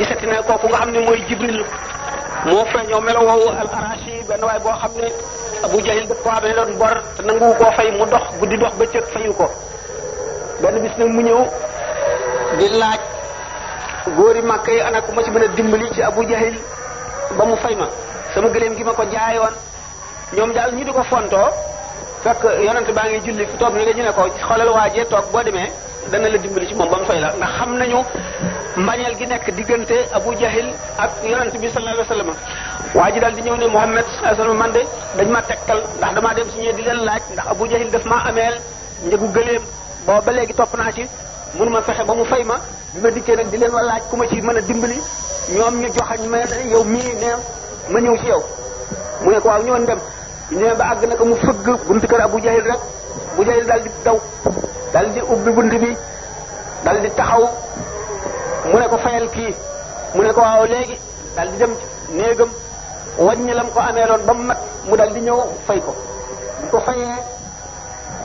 gisati na kooku nga xam ne mooy jibril moo feeñoo melo woowu al benn waay boo xam ne abu jahil daf ko amee doon bor te nanguwu koo fay mu dox guddi dox bëccëg fayu ko benn bis nag mu ñëw di laaj góori màkk yi ana ku ma ci mën a dimbali ci abu jahil ba mu fay ma sama gëléem gi ma ko jaayoon ñoom daal ñu di ko fontoo fekk yonent baa ngi julli fi toog ni nga ñu ne ko xoolal waajee toog boo demee dana la dimbali ci moom ba mu fay la ndax xam mbañeel gi nekk diggante Abu Jahil ak yonent bi sallallahu alayhi wa sallam waa ji daal di ñëw ne Muhammad sallallahu man de dañ ma tegtal ndax damaa dem si ñee di leen laaj ndax Abu Jahil daf maa ameel njëgu gëleem boo ba léegi topp naa ci mënu ma fexe ba mu fay ma bi ma dikkee nag di leen ma laaj ku ma ci mën a dimbali ñoom ñu joxañ ma yow mii ne ma ñëw ci yow mu ne ko waaw ñoon dem ñëwee ba àgg na ko mu fëgg buntu kër Abu Jahil rek Abu Jahil daal di daw di ubbi di taxaw mu ne ko fayal kii mu ne ko waaw léegi daal di dem néegam wàññi ko amee loon ba mu mat mu daal di ñëw fay ko bu ko fayee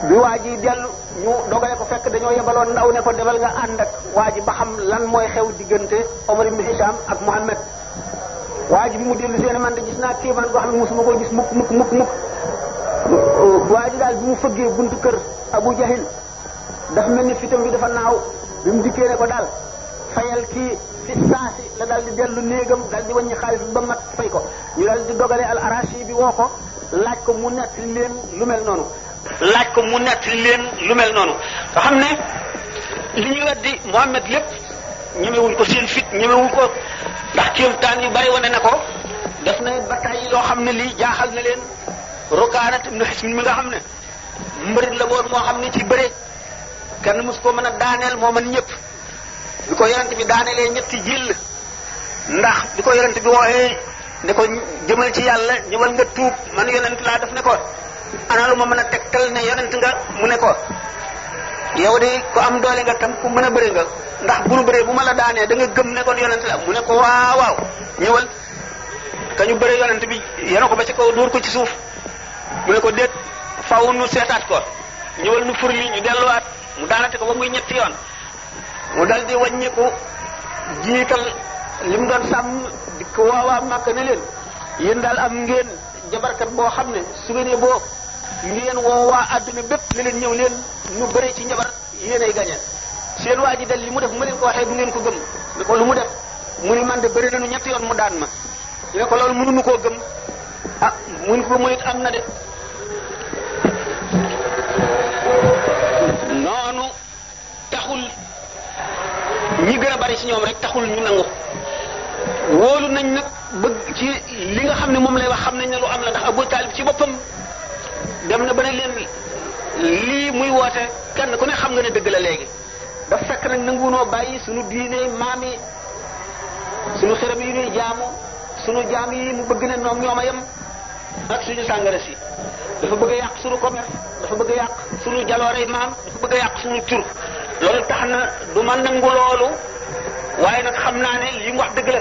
bi waa ji dellu ñu dogale ko fekk dañoo yebaloon ndaw ne ko demal nga ànd ak waa ji ba xam lan mooy xew diggante Omar ibn Hisham ak Muhammad waa ji bi mu dellu seen man de gis naa kéemaan goo xam ne mosuma ko gis muk mukk mukk mukk waa daal bi mu fëggee buntu kër Abu Jahil daf mel ni fitam bi dafa naaw bi mu dikkee ne ko daal fayal kii fi saasi la daal di dellu néegam daal di wàññi xaalis ba mat fay ko ñu daal di dogale al arashi bi woo laaj ko mu nett leen lu mel noonu laaj ko mu nett leen lu mel noonu nga xam ne li ñuy weddi Muhammad lépp ñemewuñ ko seen fit ñemewuñ ko ndax kéemtaan yu bari wane na ko def na bataay loo xam ne lii jaaxal na leen Rukaanat ibnu Hisn mi nga xam ne mbërit la woon moo xam ne ci bëre kenn mos koo mën a daaneel moo mën ñëpp bi ko yonent bi daanelee ñetti jill ndax bi ko yonent bi wooyee ne jëmal ci yàlla ñëwal nga tuub man yonent laa def ne ko ana lu ma mën a tegtal ne yonent nga mu ne ko yow de ko am doole tam ku mën a bëri nga ndax bu nu bu ma la daanee da nga gëm ne kon yonent la mu ne waaw waaw ñëwal ka ñu yonent bi yena ko ba ci kaw dóor ko ci suuf mu ne ko déet faw nu seetaat ko ñëwal nu furli ñu delluwaat mu daanate ko ba muy ñetti yoon mu dal di wàññiku jiital li mu doon sàmm di ko waawaa màkk ne leen yéen daal am ngeen jabarkat boo xam ne su ngeen boo ngeen woo waa bépp ne leen ñëw leen ñu bëre ci njabar yéen ay gañe seen waa ji dal li mu def ma ko waxee bu ko gëm mu def mu ni man de bëri nañu ñetti yoon mu daan ma ñu ne ko loolu mënuñu koo gëm ah mun ko mu it am na de noonu taxul bari taxul ñu nangu wóolu nañ nag bëgg ci li nga xam ne moom lay wax xam nañ ne lu am la ndax Abu Taalib ci boppam dem na ba ne leen lii muy woote kenn ku ne xam nga ne dëgg la léegi daf fekk nag nanguwunoo bàyyi sunu diine maam yi sunu xërëm yi ñuy jaamu sunu jaam yi mu bëgg ne ñoom ñoom a ak suñu sàngara si dafa bëgg a yàq suñu commerce dafa bëgg yàq suñu jaloore maam dafa bëgg a yàq suñu tur loolu tax na du ma nangu loolu waaye nag xam naa ne li wax dëgg la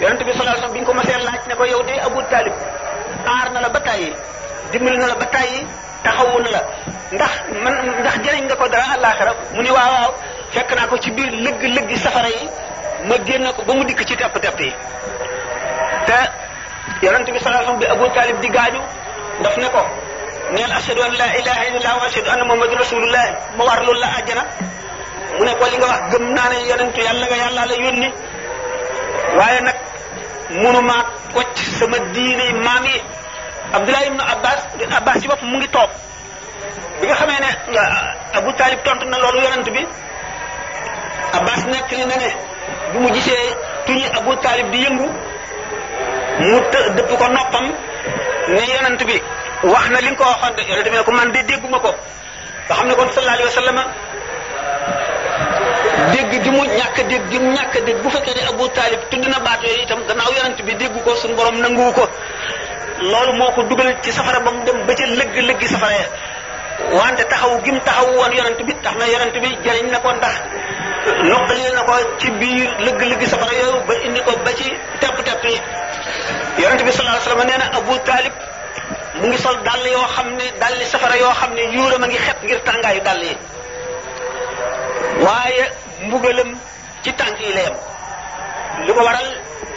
yonent bi bi ñu ko mësee laaj ne ko yow de Abu Talib aar na la ba tàyyi dimbali na la ba tàyyi taxawu na la ndax man ndax jëriñ nga ko dara àllaaxira mu ni waaw waaw fekk naa ko ci biir lëg lëgg lëggi safara yi ma génn ko ba mu dikk ci tepp tepp yi te yonent bi sallallahu alayhi wasallam bi Abu Talib di gaañu daf ne ko neel ashhadu an la ilaha illallah wa ashhadu anna muhammadur war loolu la àjjana mu ne ko li nga wax gëm naa ne yonentu yàlla nga yàlla la yónni waaye nag mënumaa kocc sama diine maam yi Abdullah ibn Abbas Abbas ci bopp mu ngi toog bi nga xamee ne uh, Abu Talib tontu na loolu yonent bi Abbas nekk li na ne mu gisee tuñu Abu Talib di yëngu mu të dëpp ko noppam ne yonent bi wax na li nga ko waxoon de yonent bi ne ko man de dégguma ko nga xam ne kon sallallahu alayhi wa dégg gi mu ñàkk a dégg gi mu ñàkk a dégg bu fekkee ne Abu Taalib tudd na baat yooyu itam gannaaw yonent bi déggu ko suñu borom nanguwu ko loolu moo ko dugal ci safara ba mu dem ba ca lëgg lëggi safara ya wante taxawu gi mu taxaw woon yonent bi tax na yonent bi jëriñ na ko ndax noqali na ko ci biir lëgg-lëgg safara yooyu ba indi ko ba ci tepp-tepp yi yonent bi sallallahu alayhi wasallam nee Abu Talib mu ngi sol dàll yoo xam ne dàlli safara yoo xam ne yuuram a ngi xet ngir tàngaayu dàll yi waaye mbugalam ci tànk yi la yem waral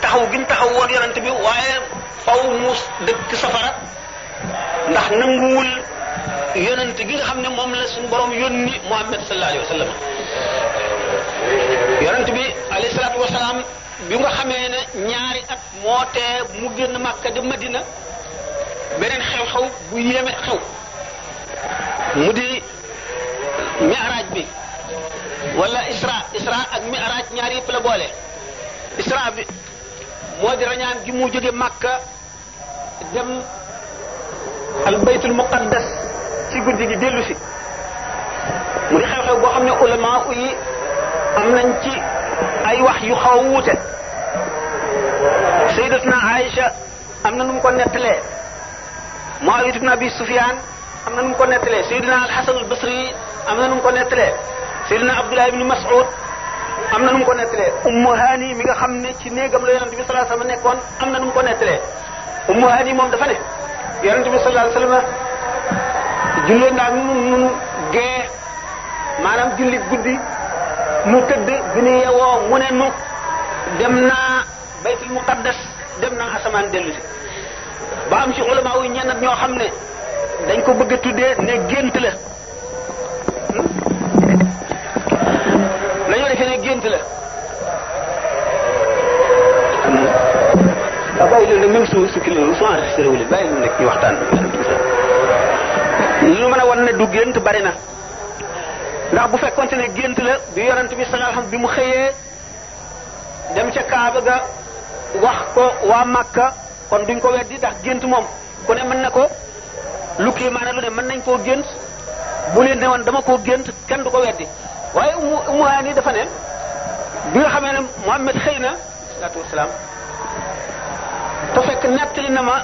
taxaw gi taxaw woon yonent bi waaye faw mu dëkk safara ndax nanguwul yonent gi nga xam ne moom la suñu borom yónni Muhammad sallallahu wa sallam yonent bi alayhi salaatu bi nga xamee ne ñaari at moo tee mu génn màkka di madina beneen xew-xew bu yéeme xew mu di mi'raaj bi wala isra isra ak mi'raaj ñaar yëpp la boole isra bi moo di rañaan gi mu jóge màkka dem al baytul ci guddi gi dellu mu di xew-xew boo xam ne ulama yi am nañ ci ay wax yu xaw a wuute sayyidatuna Aïcha am na nu mu ko nettalee Muawiya ibn Abi Sufyaan am na nu mu ko nettalee sayyidina al-Hasan al-Basri am na nu mu ko nettalee sayyidina Abdullah ibn Mas'ud am na nu mu ko nettalee Ummu Haani mi nga xam ne ci néegam la yonent bi sallallahu alayhi wasallam nekkoon am na nu mu ko nettalee Ummu Haani moom dafa ne yonent bi sallallahu alayhi wasallam julloon naa nun nun gee maanaam julli guddi mu tëdd bi woo yewoo mu ne nu dem naa baytul muqaddas dem naa asamaan dellu ba am ci olo yu ñenn ñoo xam ne dañ ko bëgg a tuddee ne gént la dañoo hmm? defee ne gént la waaw hmm? bàyyi leen même su su kii la su enregistré wu leen bàyyi leen rek ñu waxtaan lu mën a wan du gént bari na ndax bu fekkonte ne gént la bi yonent bi sallallahu alayhi bi mu xëyee dem ca Kaaba ga wax ko waa Makka kon duñ ko weddi ndax gént moom ku ne mën na ko lu kii maanaam lu ne mën nañ koo gént bu leen ne woon dama koo gént kenn du ko weddi waaye umu umu haani dafa ne bi nga xamee ne Muhammad xëy na salaatu fekk nettali na ma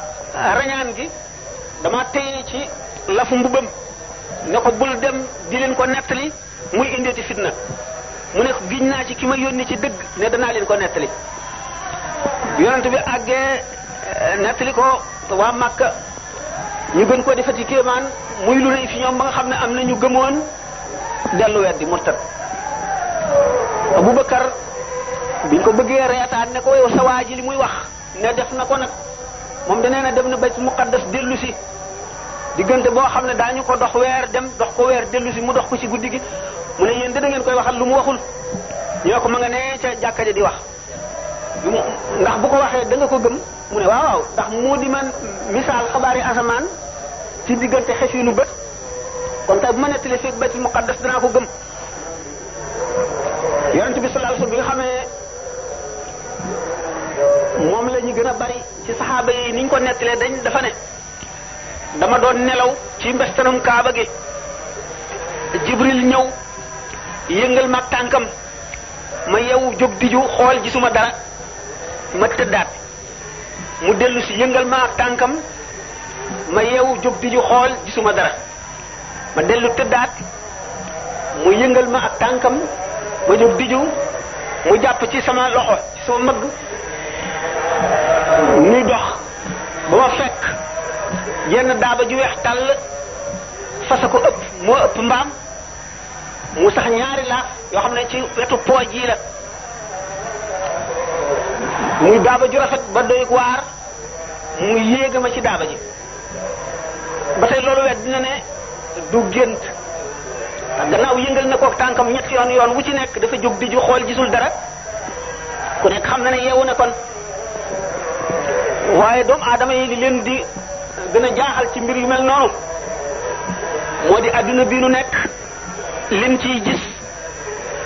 rañaan gi dama téye ci lafu mbubam ne ko bul dem di leen ko nettali muy indeeti fitna mu ne giñ naa ci ki ma yónni ci dëgg ne danaa leen ko nettali yonent bi àggee eh, nettali ko waa Màkka ñu gën koo defati kéemaan muy lu rëy fi ñoom ba nga xam ne am na ñu gëmoon dellu weddi murtat Abubakar biñ ko bëggee reetaan ne ko yow sa waa ji li muy wax ne def na ko nag moom danee na dem na bayt muqaddas dellu si diggante boo xam ne daañu ko dox weer dem dox ko weer dellu si mu dox ko ci guddi gi mu ne yéen da ngeen koy waxal lu mu waxul ñoo ko ma nga nee ca jàkka ja di wax ndax bu ko waxee danga ko gëm mu ne waaw waaw ndax moo di man misaal xabaari asamaan ci diggante xef yi lu bët kon tey bu ma nettalee fii baytul muqaddas danaa ko gëm yonent bi sallallahu bi nga xamee moom la gën a bari ci saxaaba yi ni ko nettalee dañ dafa ne dama doon nelaw ci mbestanam kaaba gi jibril ñëw yëngal mag tànkam ma yeewu jóg xool gisuma dara ma tëddaat mu dellu si yëngal ak tànkam ma yeewu jóg diju xool gisuma dara ma dellu tëddaat mu yëngal ma ak tànkam ma jóg diju mu jàpp ci sama loxo ci sama mëgg ñuy dox ba ma fekk jenn daaba ju weex tàll fas a ko ëpp moo ëpp mbaam mu sax ñaari laaf yoo xam ne ci wetu pooj yi la muy daaba ju rafet ba doy waar mu yéega ma ci daaba ji ba tey loolu wet dina ne du gént gannaaw yëngal na kook tànkam ñett yoon yoon wu ci nekk dafa jóg di ju xool gisul dara ku nekk xam na ne kon waaye doomu aadama yi leen di gën a jaaxal ci mbir yu mel noonu moo di adduna bi nu nekk lim ciy gis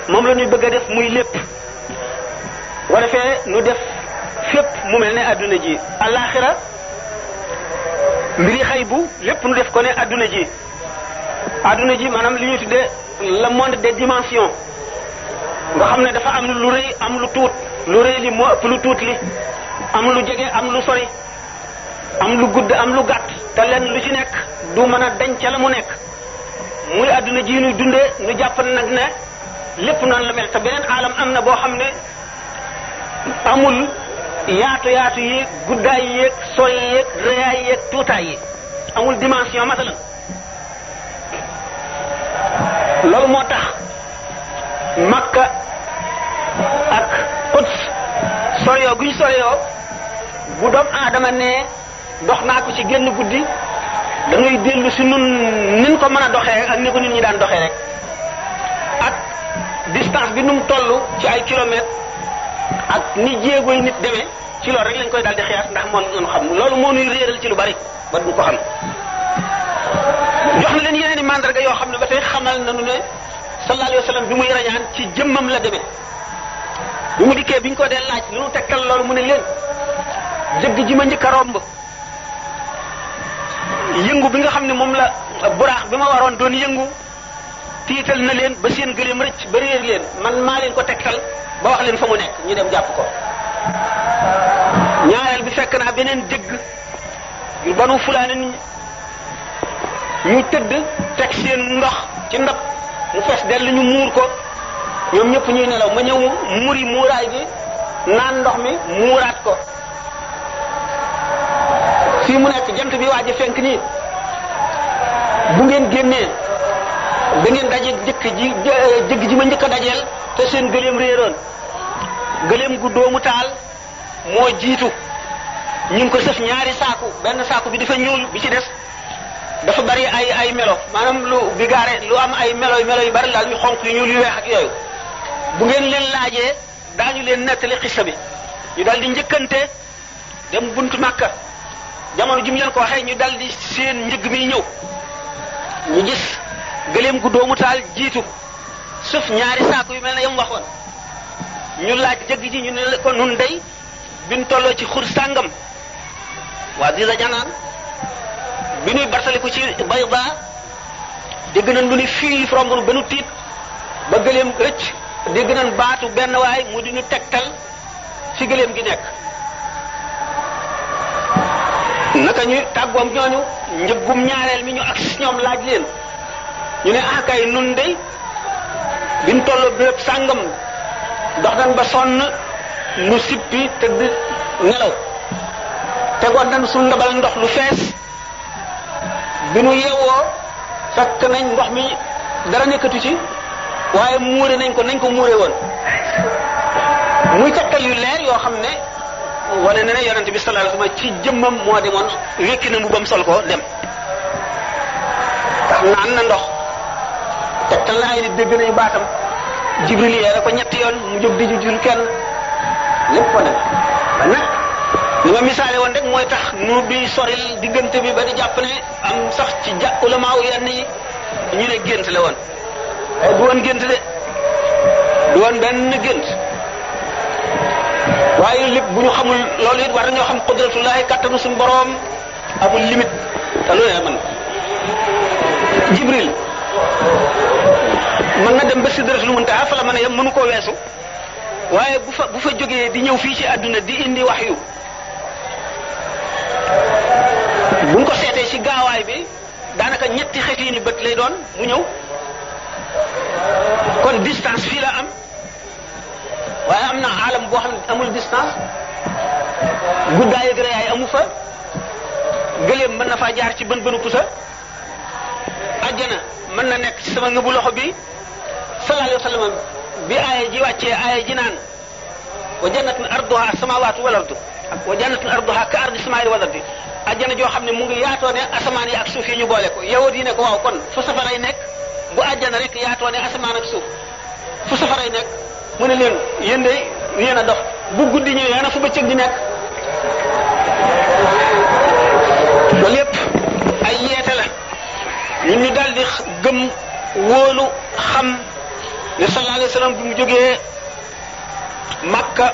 moom la ñuy bëgg a def muy lépp bu defee nu def fépp mu mel ne adduna ji alaxira mbiri xay bu lépp nu def ko ne adduna ji adduna ji maanaam li ñuy tuddee le monde des dimensions nga xam ne dafa am lu rëy am lu tuut lu rëy li moo ëpp lu tuut li am lu jege am lu sori am lu gudd am lu gàtt te lenn lu ci nekk du mën a dañ la mu nekk muy àdduna ji nuy dundee nu jàpp nag ne lépp noonu la mel te beneen aalam am na boo xam ne amul yaatu yaatu yi guddaay yeeg sooy yeeg reyaay yeeg tuutaay yi amul dimension masalan loolu moo tax makka ak Quds soriyoo guñ soriyoo bu doom aadama ne dox naa ko ci génn guddi dañuy dellu si nun nin ko mën a doxee ak ni ko nit ñi daan doxee rek ak distance bi nu mu toll ci ay kilomètres ak ni jéego nit demee ci loolu rek lañ koy daal di ndax moom ñu xam loolu moo ñuy réeral ci lu bari ba duñ ko xam. jox na leen yeneen i mandarga yoo xam ne ba tey xamal nañu ne sallallahu alayhi wa sallam bi muy rañaan ci jëmmam la demee bi mu dikkee biñ ko dee laaj lu nu tekkal loolu mu ne leen jëgg ji ma njëkk a yëngu bi nga xam ne moom la euh, buraax bi ma waroon doon yëngu tiital na leen ba seen gëléem rëcc ba réer leen man maa leen ko tegtal ba wax leen fa mu nekk ñu dem jàpp ko ñaareel bi fekk naa beneen dégg yu banu fulaane ni ñu tëdd teg seen ndox ci ndab mu fees dell ñu muur ko ñoom ñëpp ñuy nelaw ma ñëw muuri muuraay bi naan ndox mi muuraat ko fii mu nekk jant bi waa a fenk nii bu ngeen génnee ba ngeen daje jëkk ji jëgg ji ma njëkk a dajeel te seen gëléem réeroon gëléem gu doomu taal moo jiitu ñu ko sëf ñaari saaku benn saaku bi dafa ñuul bi ci des dafa bari ay ay melo maanaam lu bi lu am ay melo melo yu bari laal ñu xonq yu ñuul yu weex ak yooyu bu ngeen leen laajee daañu leen nettali xissa bi ñu daal di njëkkante dem buntu Màkka jamono ji mu ko waxee ñu dal di seen njëg mi ñëw ñu gis gëléem gu doomu taal jiitu suuf ñaari saako yu mel ne yam waxoon ñu laaj jëgg ji ñu ne ko nun day biñ tolloo ci xur sàngam waa di la janaan bi ñuy bartaliku ci Bayda dégg nañ lu ni fii romb ba nu tiit ba gëléem rëcc dégg nañ baatu benn waay mu di ñu tegtal ci gëléem gi nekk naka ñu tàggoom ñooñu njëggum ñaareel mi ñu ak ñoom laaj leen ñu ne akay ah, nun de biñ toll béréb sàngam dox nañ ba sonn nu sippi tëdd nelaw tegoon nañ suñu ndabal ndox lu fees bi nu yeewoo fekk nañ ndox mi dara nekkatu ci waaye muure nañ ko nañ ko muure woon muy caqal yu leer yoo xam ne wane na ne bi sallallahu alayhi wasallam ci jëmmam moo demoon wékki na mbubam sol ko dem ndax naan na ndox tegtal na ay nit dégg nañu baatam jibril yee ko ñetti yoon mu jóg di jujul kenn lépp ko dem ba misaale woon rek mooy tax nu duy soril diggante bi ba di jàpp ne am sax ci ja ulamaaw yenn yi ñu ne gént la woon waaye eh, du woon gént de du woon benn gént waaye lépp bu ñu xamul loolu it war nañoo xam qudratullahi kàttanu suñu boroom amul limite te lu ne man jibril mën na dem ba sidratul muntaha fa la mën a yem mënu koo weesu waaye bu fa bu fa jógee di ñëw fii ci àdduna di indi wax yu buñ ko seetee ci gaawaay bi daanaka ñetti xeet bët lay doon mu ñëw kon distance fii la am waaye am na alam boo xam ne amul distance guddaay ak amu fa gëléem mën na faa jaar ci bën bënu pusa àjjana mën na nekk ci sama ngëbu loxo bi sallallahu alayhi wa sallam bi aaya ji wàccee aaya ji naan wa jannatun arduha samawatu wal ardu wa jannatun arduha ka ardi samaai wal ardi àjjana joo xam ne mu ngi yaatoo ne asamaan yi ak suuf yi ñu boole ko yahud yi ne ko waaw kon fu safaray nekk bu àjjana rek yaatoo ne asamaan ak suuf fu safaray nekk mu leen yéen de yéen a dof bu guddi ñëwee yéen a fu bëccëg di nekk loolu yépp ay yeete la ñu daal di gëm wóolu xam ne sallallahu alayhi wa sallam bi mu jógee Makka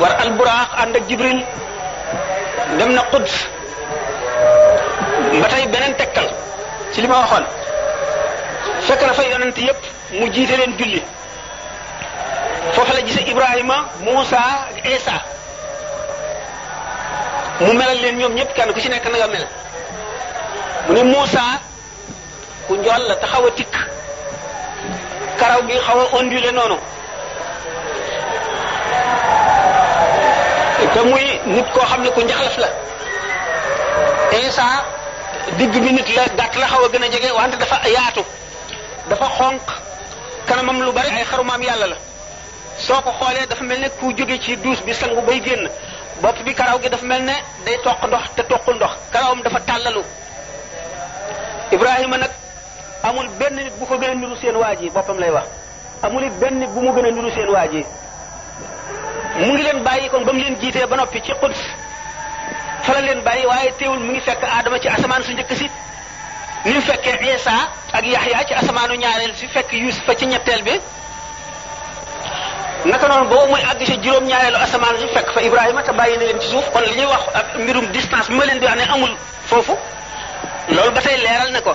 war alburaax ànd ak Jibril dem na Quds ba tey beneen tekkal ci li ma waxoon fekk na fa yonent yépp mu jiite leen julli foofu la gise Ibrahima Moussa ak Isa mu melal leen ñoom ñëpp kenn ku ci nekk na nga mel mu ne ku njool la te xaw a tikk karaw gi xaw a ondulé noonu te muy nit koo xam ne ku njaxlaf la Isa digg bi nit la gàtt la xaw a gën a jege wante dafa yaatu dafa xonq kanamam lu bari ay xarumaam yàlla la soo ko xoolee dafa mel ne ku jóge ci duus bi sangu bay génn bopp bi karaw gi dafa mel ne day toq ndox te toqul ndox karawam dafa tàllalu Ibrahima nag amul benn nit bu ko gën a seen waa ji boppam lay wax amul it benn nit bu mu gën a seen waa ji mu ngi leen bàyyi koom ba mu leen jiitee ba noppi ci Quds fa leen bàyyi waaye teewul mu ngi fekk Adama ci asamaan su njëkk si ni mu fekkee Isa ak Yaxya ci asamaanu ñaareel si fekk fa ci ñetteel bi naka noonu boo muy àgg si juróom-ñaareelu asamaan si fekk fa Ibrahima te bàyyi na leen suuf kon li ñuy wax ak mbirum distance bi ma leen di foofu loolu ba tey ko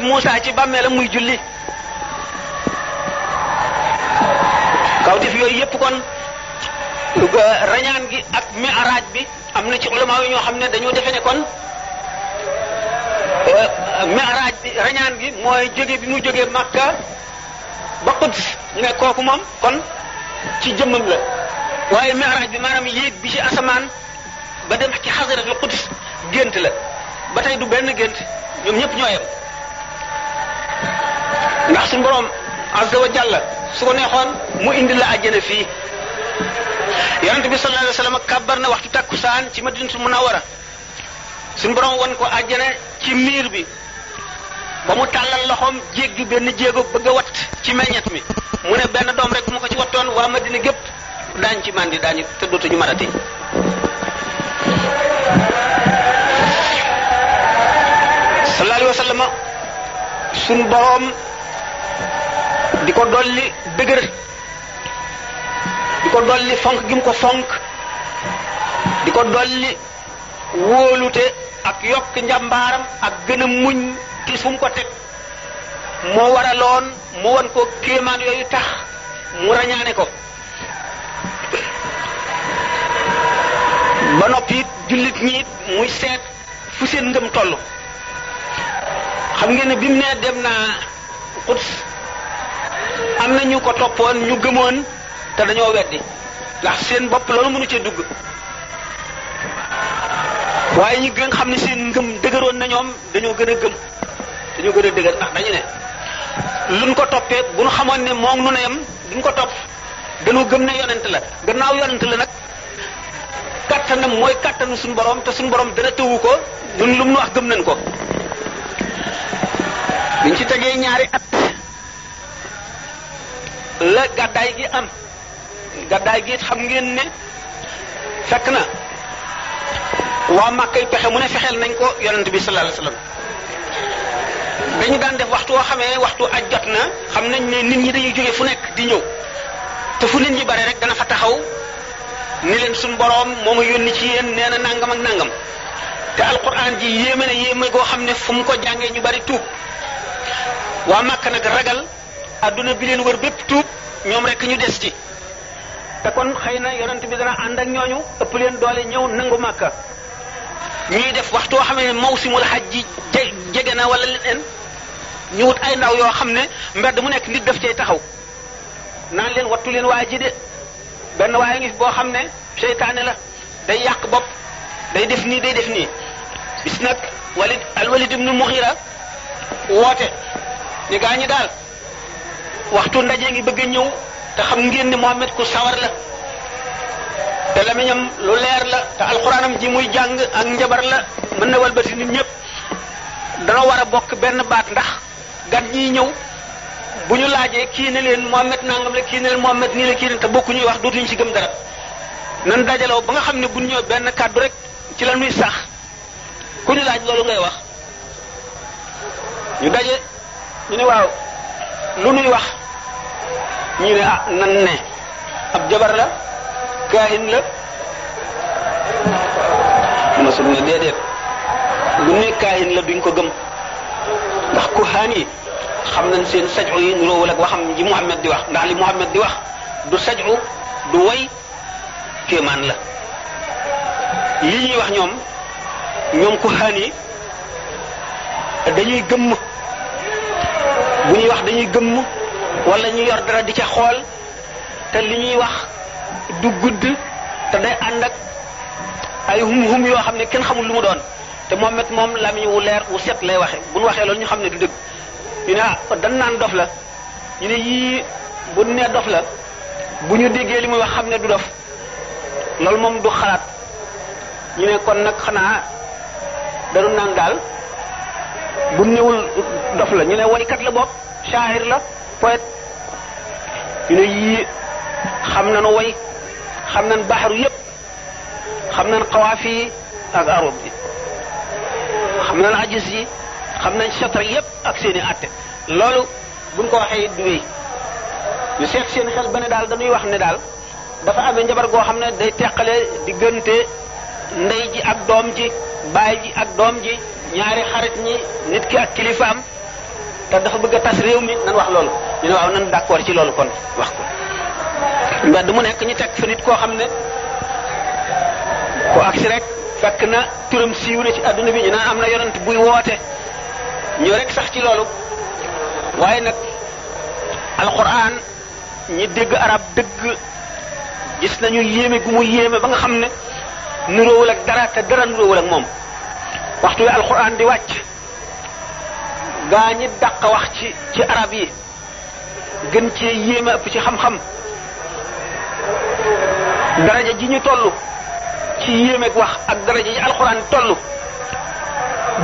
mu ne ci bàmmeelam muy julli kawtif yépp kon rañaan gi ak bi am na ci ulama ñoo xam ne dañoo defe ne kon euh, mi'raaj bi rañaan gi mooy jóge bi mu jóge Makka ba Quds ñu ne kooku moom kon ci jëmmam la waaye miraaj bi maanaam yéeg bi ci asamaan ba dem ci xasaratul Quds gént la ba tey du benn gént ñoom ñëpp ñoo ndax suñu borom azza wa jalla su ko neexoon mu indi la àjjana fii yonente bi sa alayhi wa sallam kàbbar na waxtu takkusaan ci madinatul munawwara suñu borom won ko àjjana ci miir bi ba mu tàllal loxoom jéggi benn jéego bëgg a wat ci meññet mi mu ne benn doom rek mu ko ci wattoon waa Madina gépp daañ ci màndi daañu te dootuñu marati sallallahu alayhi wa di ko dolli dëgër di ko dolli fonk gi mu ko fonk di ko dolli wóolute ak yokk njàmbaaram ak gën muñ tiis fu mu ko teg moo waraloon mu won ko kéemaan yooyu tax mu rañaane ko ba noppiit jullit ñi muy seet fu seen ngëm toll xam ngeen ne bi mu nee dem naa Quds am na ñu ko toppoon ñu gëmoon te dañoo weddi ndax seen bopp loolu mënu ci dugg waaye ñi gën xam ne seen ngëm dëgëroon na dañoo gën a gëm dañu gën a dëgër ndax dañu ne luñ ko toppee bu ñu xamoon ne moom nu ne yem duñ ko topp dañu gëm ne yonent la gannaaw yonent la nag kattanam mooy kàttanu suñu borom te suñu borom dana tëwu ko ñun lu mu wax gëm nañ ko biñ ci tegee ñaari at la gi am gàddaay gi xam ngeen ne fekk na waa màkkay pexe mu ne fexeel nañ ko yonent bi sallallahu alayhi dañu daan def waxtu woo xamee waxtu aj jot na xam nañ ne nit ñi dañuy jóge fu nekk di ñëw te fu nit ñi bare rek dana fa taxaw ni leen suñ boroom moo ma yónni ci yéen nee na nangam ak nangam te alquran ji yéeme na yéeme goo xam ne fu mu ko jàngee ñu bari tuub waa Màkka nag ragal adduna bi leen wër bépp tuub ñoom rekk ñu des ci te kon xëy na yonent bi dana ànd ak ñooñu ëpp leen doole ñëw nangu Màkka ñuy def waxtu woo xam ne mawsimul xaj ji jege na wala leneen ñu wut ay ndaw yoo xam ne mbedd mu nekk nit def cay taxaw naan leen wattu leen waa ji de benn waaye ngi boo xam ne seytaane la day yàq bopp day def nii day def nii bis nag walid alwalid ibnu muxira woote ni gaa ñi daal waxtu ndaje ngi bëgg a ñëw te xam ngeen ni Muhammad ku sawar la te lamiñam lu leer la te alxuraanam ji muy jàng ak jabar la mën na walbati nit ñëpp dana war bokk benn baat ndax gan ñi ñëw bu ñu laajee kii ne leen mu nangam la kii ne leen Mohamed nii la kii ne te bokkuñuy wax dootuñu ci gëm dara nan dajaloo ba nga xam ne bu ñu ñëw benn kàddu rek ci la ñuy sax ku ñu laaj loolu ngay wax ñu daje ñu ne waaw lu nuy wax ñu ne ah nan ne ab jabar la kaahin la masul ne déedéet bu ne kaahin la duñ ko gëm sax kuhaan yi xam nañ seen saju yi nuroowul ak waxam ji Muhammad di wax ndax li Muhammad di wax du saju du way kéemaan la li ñuy wax ñoom ñoom kuhaan yi dañuy gëmm bu ñuy wax dañuy gëmm wala ñu yor dara di ca xool te li ñuy wax du gudd te day ànd ak ay hum hum yoo xam ne kenn xamul lu mu doon te moom it moom lamiñ wu leer wu set lay waxee bu ñu waxee loolu ñu xam ne du dëgg ñu ne ah dan naan dof la ñu ne yii bu nee dof la bu ñu déggee li muy wax xam ne du dof loolu moom du xalaat ñu ne kon nag xanaa danu naan daal bu newul la ñu ne waykat la bopp shaahir la poète ñu ne yii xam nañu way xam nañ baxaru yépp xam nañ xawaafi ak arab bi xam na nañ ajis yi xam nañ chatre yépp ak seen i atte loolu buñ ko waxee du wéy ñu seet seen xel ba ne daal dañuy wax ne daal dafa amee njabar goo xam ne day teqale diggante ndey ji ak doom ji baay ji ak doom ji ñaari xarit ñi nit ki ak kilifaam te dafa bëgg a tas réew mi nan wax loolu ñu ne waaw nan d'accord ci loolu kon wax ko mbedd mu nekk ñu teg fa nit koo xam ne ko agsi rek fekk na turam siiw na ci àdduna bi ñu naa am na yonent buy woote ñoo rek sax ci loolu waaye nag alquran ñi dégg arab dëgg gis nañu yéeme gu mu yéeme ba nga xam ne nuróowul ak dara te dara nuróowul ak moom waxtu wi alquran di wàcc gaa ñi dàq wax ci ci arab yi gën cee yéeme ëpp ci xam-xam daraja ji ñu toll ci yéemeeg wax ak daraja ji alxuraan toll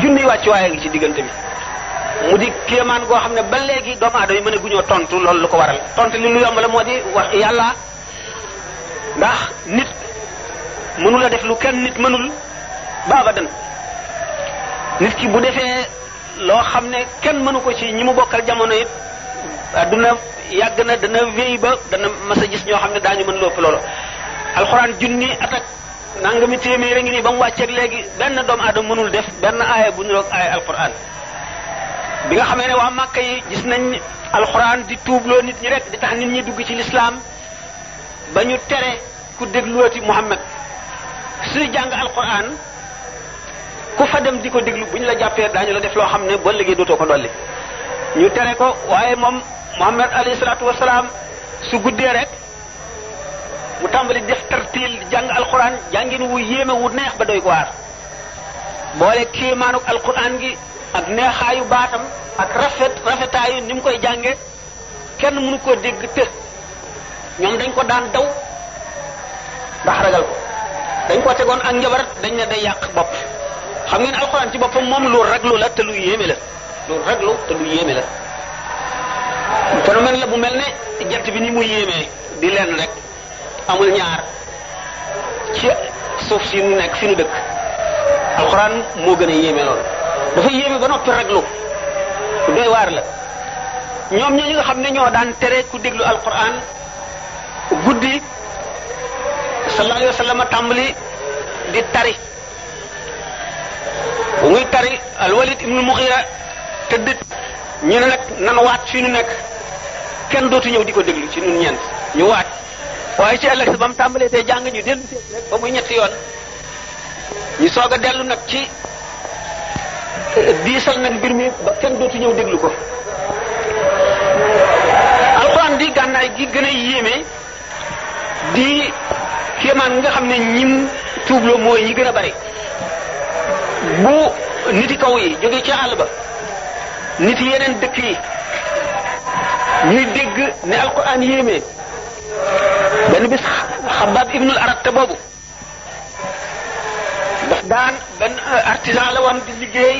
junni wàccuwaay gi ci diggante bi mu di kéemaan goo xam ne ba léegi doomu aadama yi mën a guñoo tontu loolu lu ko waral tontu li lu yomb la moo di wax yàlla ndax nit mënul def lu kenn nit mënul baaba den nit ki bu defee loo xam ne kenn mënu ko ci ñi mu bokkal jamono yi adduna yàgg na dana wéy ba dana mas a ñoo xam ne daañu mën lópp loolu alxuraan junni at nangami téeméer a ngi nii ba mu wàcceeg léegi benn doomu aadama mënul def benn aaya bu niroog aaya alquran bi nga xamee ne waa Màkka yi gis nañ alquran di tuubloo nit ñi rek di tax nit ñi dugg ci lislaam ba ñu tere ku dégluwati Muhammad suy jàng alquran ku fa dem di ko déglu bu ñu la jàppee daañu la def loo xam ne boo liggéey dootoo ko dolli ñu tere ko waaye moom Muhammad alayhi salaatu wasalaam su guddee rek mu tàmbali def tartiil jàng alquran jàngin wu yéeme wu neex ba doy ko waar boole kéemaanuk alquran gi ak neexaayu baatam ak rafet rafetaayu ni mu koy jànge kenn mënu koo dégg të ñoom dañ ko daan daw ndax ragal ko dañ ko tegoon ak njabar dañ ne day yàq bopp xam ngeen alxuraan ci boppam moom lu raglu la te lu yéeme la lu raglu te lu yéeme la phénomène la bu mel ne jant bi ni mu yéemee di leen rek amul ñaar ci suuf si nu nekk fi nu dëkk alxuraan moo gën a yéeme loolu dafa yéeme ba noppi raglu lu doy waar la ñoom ñooñu nga xam ne ñoo daan tere ku déglu alxuraan guddi sallallahu alayhi tàmbali di tari bu muy tari alwalid ibnu muxira tëdd ñu ne nag nan waat fi nu nekk kenn dootu ñëw di ko déglu ci nun ñeent ñu waat waaye ci ëllëg sa ba mu tàmbalee tey jàng ñu dellu ba muy ñetti yoon ñu soog a dellu nag ci diisal nag mbir mi ba kenn dootu ñëw déglu ko alxuraan di gànnaay gi gën a yéeme di kéemaan nga xam ne ñim tuubloo mooy ñi gën a bari bu niti kaw yi jóge ci àll ba nit yeneen dëkk yi ñuy dégg ne alxuraan yéeme benn bis xabaab ibnul aratta boobu daf daan benn artisan la woon di liggéey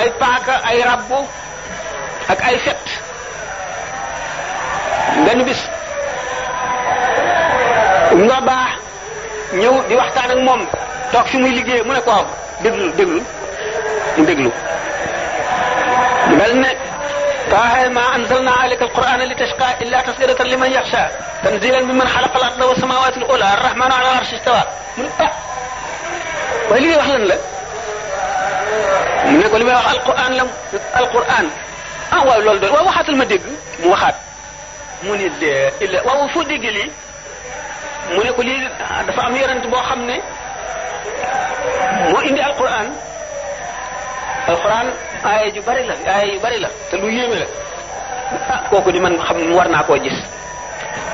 ay paaka ay rabbu ak ay fet benn bis nga baax ñëw di waxtaan ak moom toog fi muy liggéey mu ne ko déglu déglu mu déglu طه ما أنزلنا عليك القرآن لتشقى إلا تذكرة لمن يخشى تنزيلا ممن خلق الأرض والسماوات الأولى الرحمن على العرش استوى mun ah waaye li ngay wax lan la mu ne ko li may wax alquran la alquran ah waaw loolu doon waaw waxaatal ma dégg mu waxaat mu ne de illa waaw foo dégg lii mu ne ko lii dafa am yonent boo xam ne moo indi alquran alxuraan aaya ju bari la aaya yu bari la te lu yéeme la ah kooku di man xam war naa koo gis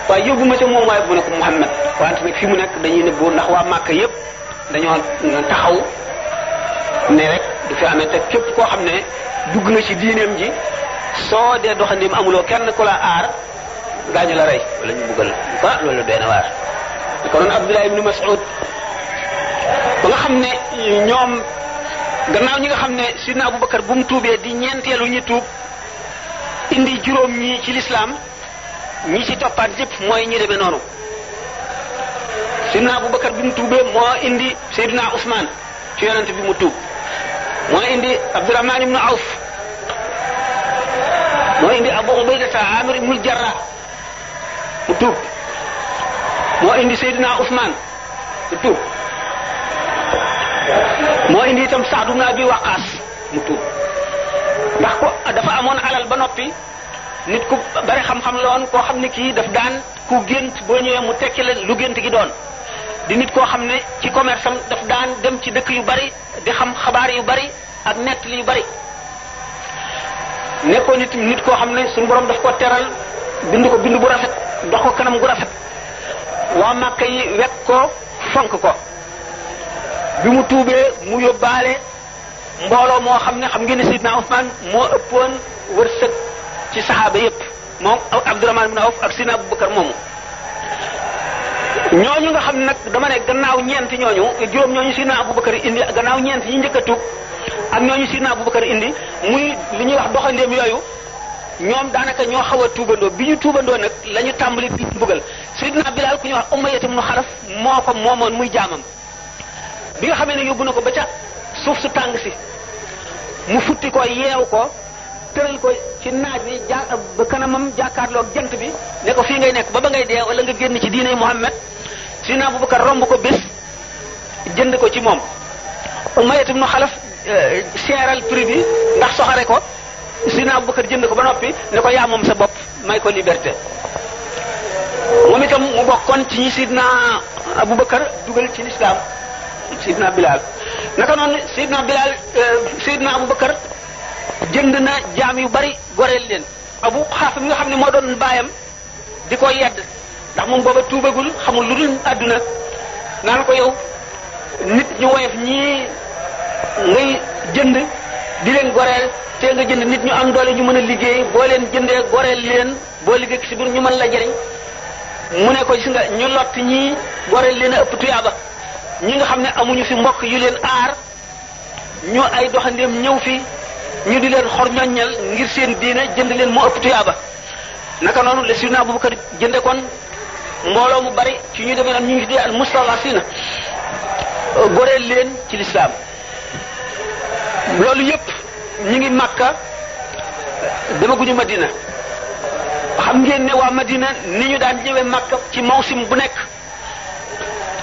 waaye yóbbu ma ca moom waaye bu ne ko Muhammad wante nag fi mu nekk dañuy nëbboo ndax waa Màkka yépp dañoo taxaw ne rek du fi amee te képp koo xam ne dugg ci diineem ji soo dee doxandim amuloo kenn ku la aar gaañu la rey wala ñu buggal ba loolu doy na waar konoon Abdullah ibnu Mas'ud ba nga xam ne ñoom gannaaw ñi nga xam ne sidna Abubakar bu mu tuubee di ñeenteelu ñi tuub indi juróom ñi ci lislaam ñi ci toppaat yépp mooy ñi demee noonu sidna Abubakar bu mu tuubee moo indi Seydina Ousmane ci yonent bi mu tuub moo indi Abdurahman ibnu Awf Amir ibnul mu tuub moo indi itam Saad ibn Abi Waqaas mu tuub ndax ko dafa amoon alal ba noppi nit ku bari xam-xam la woon koo xam ne kii daf daan ku gént boo ñëwee mu tekki la lu gént gi doon di nit koo xam ne ci commerce am daf daan dem ci dëkk yu bari di xam xabaar yu bari ak nettali yu bari nekkoon nit nit koo xam ne suñu borom daf ko teral bind ko bind bu rafet dox ko kanam gu rafet waa Màkka yi wekk ko fonk ko bi mu tuubee mu yóbbaale mbooloo moo xam ne xam ngeen ne Sidna Ousmane moo ëppoon wërsëg ci saxaaba yépp moom Abdourahman bin Awf ak Sidna Abubakar moomu ñooñu nga xam nag dama ne gannaaw ñeent ñooñu juróom ñooñu Sidna Abubakar indi gannaaw ñeent ñi njëkk a tuub ak ñooñu Sidna Abubakar indi muy li ñuy wax doxandéem yooyu ñoom daanaka ñoo xaw a tuubandoo bi ñu tuubandoo nag lañu tàmbali di mbugal Sidna Bilal ku ñuy wax Umayyatu ibnu Xalaf moo moomoon muy jaamam bi nga xamee ne yóbbu na ko ba ca suuf su tàng si mu futti ko yeew ko tëral ko ci naaj bi ja ba kanamam jàkkaarloog jant bi ne ko fii ngay nekk ba ba ngay dee wala nga génn ci diine Muhammad Sidina Abubakar romb ko bés jënd ko ci moom Umayya ibnu Xalaf euh, seeral prix bi ndax soxare ko Sidina Abubakar jënd ko ba noppi ne ko yaa sa bopp may ko liberté moom itam mu bokkoon ci ñi Sidina Abubakar dugal ci lislaam Seydina Bilal naka noonu Seydina Bilal euh, Seydina Aboubacar jënd na jaam yu bari goreel leen abu xaaf mi nga xam ne moo doon baayam di ko yedd ndax moom booba tuubagul xamul lu dul àdduna naan ko yow nit ñu woyof ñii ngay jënd di leen goreel te nga jënd nit ñu am doole ñu mën a liggéey boo leen jëndee goreel leen boo liggéey si biir ñu mën la jëriñ mu ne ko gis nga ñu lott ñii goreel leen a ëpp tuyaaba ñi nga xam ne amuñu fi mbokk yu leen aar ñu ay doxandeem ñëw fi ñu di leen xor ñoññal ngir seen diine jënd leen mu ëpp tuyaaba naka noonu le sidna Abubakar jënde kon mbooloo mu bari ci ñu demee naan ñu ngi dee al na goreel leen ci lislaam loolu yépp ñu ngi màkka demaguñu madina xam ngeen ne waa madina ni ñu daan ñëwee màkka ci maw mawsim bu nekk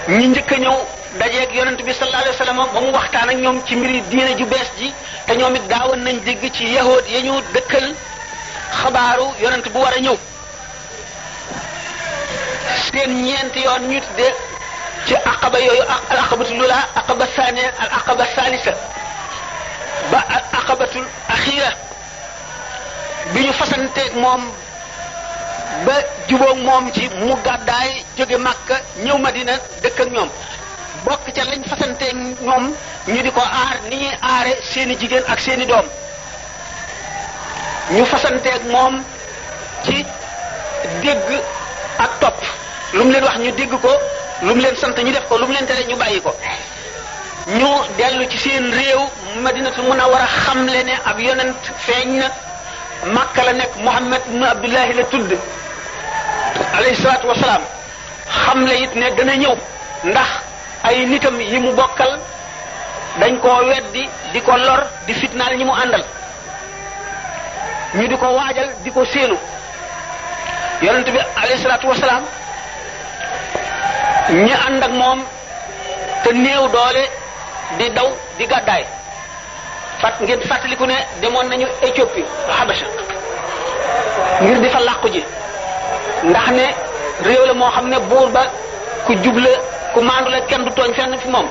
ñu njëkk ñëw dajeeg yonent bi sallallahu alayhi wa ba mu waxtaan ak ñoom ci mbiri diine ju bees ji te ñoom it daawoon nañ dégg ci yahood ya ñu dëkkal xabaaru yonent bu war a ñëw seen ñeenti yoon ñu tudde ci aqaba yooyu al aqabatu lula aqaba saniya al aqaba salisa ba al aqabatul axira bi ñu fasanteeg moom ba jubóog moom ci mu gàddaay jóge màkk ñëw Madina dëkk ak ñoom bokk ca lañ fasante ñoom ñu di ko aar ni ñuy aare seeni jigéen ak seeni doom ñu fasanteeg moom ci dégg ak topp lu mu leen wax ñu dégg ko lu mu leen sant ñu def ko lu mu leen tere ñu bàyyi ko ñu dellu ci seen réew madinatu mun a war a xamle ne ab yonent feeñ na la nekk Muhammad ibn Abdullahi la tudd alayhi salaatu wasalaam xam le it ne dana ñëw ndax ay nitam yi mu bokkal dañ koo weddi di ko lor di fitnaal ñi mu àndal ñu di ko waajal di ko séenu yonent bi alayhi salaatu wasalaam ñi ànd ak moom te néew doole di daw di gàddaay fat ngeen fàttaliku ne demoon nañu Éthiopie Habasha ngir di fa làqu ji ndax ne réew la moo xam ne buur ba ku jubla ku maandu la kenn du tooñ fenn fi moom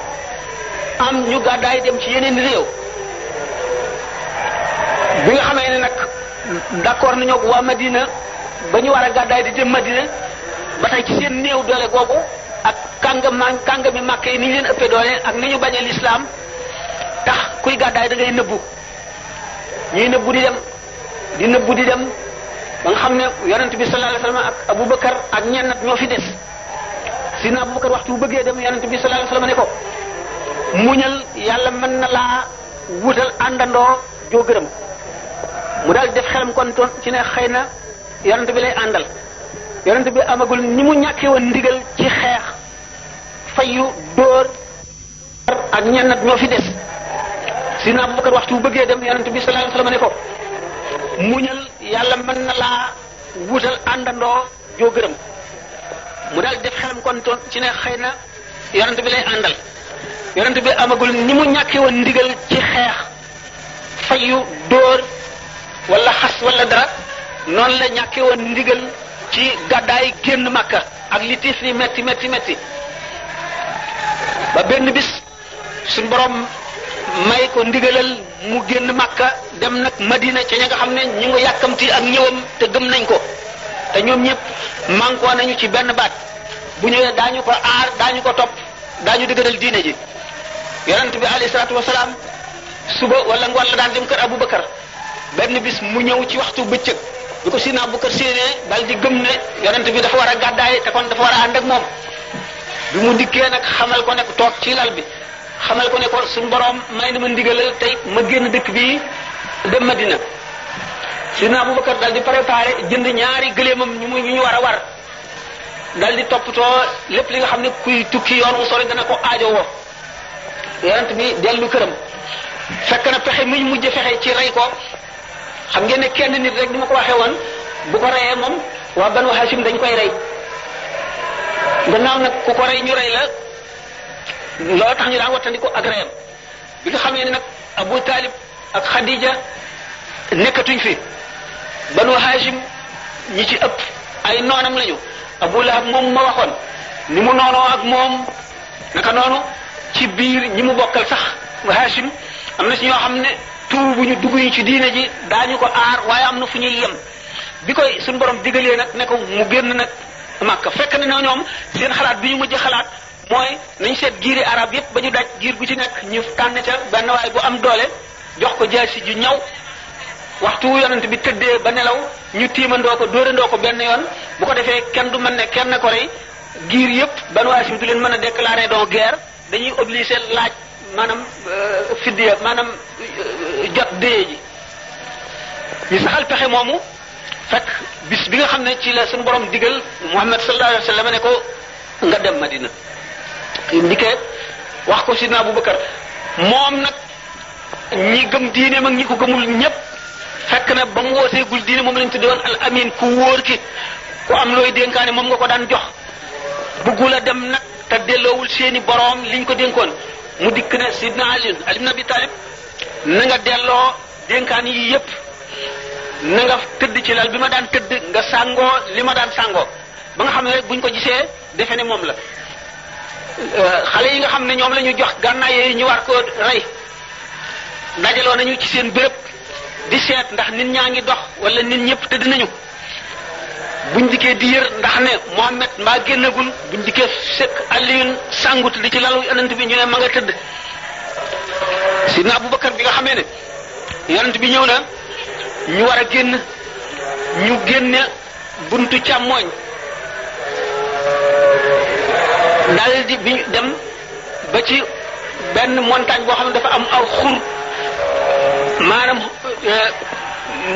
am ñu gàddaay dem ci yeneen réew bi nga xamee ne nag d'accord nañoo waa Madina ba ñu war a gàddaay di jëm Madina ba tey ci seen néew doole googu ak kàngam maa kàngam yi màkk yi ni ñu leen ëppee doole ak ni ñu bañee lislaam tax kuy gàddaay da ngay nëbbu ñuy nëbbu di dem di nëbbu di dem ba nga xam ne yonent bi sallallahu alayhi wasallam ak Aboubacar ak ñenn ñoo fi des Sina Aboubacar waxtu bu bëggee dem yonent bi sallallahu alayhi wasallam ne ko muñal yàlla mën na laa wutal àndandoo joo gërëm mu daal def xelam kon toon ci ne xëy na yonent bi lay àndal yonent bi amagul ni mu ñàkkee woon ndigal ci xeex fayu dóor ak ñenn ñoo fi des Sina Aboubacar waxtu bu bëggee dem yonent bi sallallahu alayhi wasallam ne ko muñal yàlla mën na laa wutal àndandoo joo gërëm mu daal def xelam kon ci ne xëy na yonent bi lay àndal yonent bi amagul ni mu ñàkkee woon ndigal ci xeex fayu dóor wala xas wala dara noonu la ñàkkee woon ndigal ci gàddaay génn màkka ak li tiis metti metti metti ba benn bis suñ borom may ko ndigalal mu génn Makka dem nag Madina ca ña nga xam ne ñu ngi yàkkamti ak ñëwam te gëm nañ ko te ñoom ñëpp mànkoo nañu ci benn baat bu ñëwee daañu ko aar ñu ko topp daañu dëgëral diine ji yonent bi alayhi salaatu wasalaam suba wala ngoon la daan dem kër Aboubacar benn bis mu ñëw ci waxtu bëccëg bi ko Sina Aboubacar séenee dal di gëm ne yonent bi dafa war a gàddaay te kon dafa war a ànd ak moom bi mu dikkee nag xamal ko nekk toog ci lal bi xamal ko ne ko suñ borom may na ma ndigalal tey ma génn dëkk bii dem Madina Seydina Abubakar daal di préparé jënd ñaari gëléemam ñu mu ñu war a war dal di toppatoo lépp li nga xam ne kuy tukki yoon wu sori dana ko aajowoo yonent bi dellu këram fekk na pexe mi ñu mujj fexe ci rey ko xam ngeen ne kenn nit rek ni ma ko waxee woon bu ko reyee moom waa Banu Hashim dañ koy rey gannaaw nag ku ko rey ñu rey la. loolu tax ñu daan wattandi ko ak bi nga xam ne nag Abu Talib ak Khadija nekkatuñ fi banu Hashim ñi ci ëpp ay noonam lañu Abu Lahab moom ma waxoon ni mu noonoo ak moom naka noonu ci biir ñi mu bokkal sax Hashim am na si ñoo xam ne tuur bu ñu dugg yi ci diine ji daañu ko aar waaye am na fu ñuy yem bi koy suñu borom digalee nag ne ko mu génn nag Makka fekk na ñoom seen xalaat bi ñu mujj xalaat mooy nañ seet giiri arab yépp ba ñu daj giir gu ci nekk ñu tànn ca benn waaye bu am doole jox ko jaasi ju ñaw waxtu yonent bi tëddee ba nelaw ñu tiimandoo ko dóorandoo ko benn yoon bu ko defee kenn du mën ne kenn ko rey giir yépp benn waay leen mën a déclarer donc guerre dañuy obligé laaj maanaam euh, fiddiya maanaam euh, jot dee ji ñu saxal pexe moomu fekk bis bi nga xam ne ci la suñu borom digal Muhammad sallallahu alayhi wa sallam ne ko nga dem ma dina ndikkee wax ko sidna Abubakar moom nag ñi gëm diine mag ñi ko gëmul ñépp fekk na ba mu wooteegul diine moom lañ tudde woon al ku wóor ki ku am looy dénkaane moom nga ko daan jox bëggul a dem nag te delloowul seeni boroom liñ ko dénkoon mu dikk ne sidna Ali Ali ibn Abi Talib na nga delloo dénkaan yi yépp na nga tëdd ci lal bi ma daan tëdd nga sàngoo li ma daan sàngoo ba nga xam ne rek buñ ko gisee defe ne moom la Euh, xale yi nga xam ne ñoom la jox gànnaay yooyu ñu war koo rey dajaloo nañu ci seen bërëb di seet ndax nit ñaa ngi dox wala nit ñëpp tëdd nañu buñ dikkee di yër ndax ne Mohammed mbaa génnagul buñ dikkee sekk Aliyun sàngut di ci lalu yonent bi ñu ne ma nga tëdd si sidna Abubakar bi nga xamee ne yonent bi ñëw na ñu war a génn ñu génne buntu càmmooñ dal di bi ñu dem ba ci benn montagne boo xam ne dafa am aw xur maanaam euh,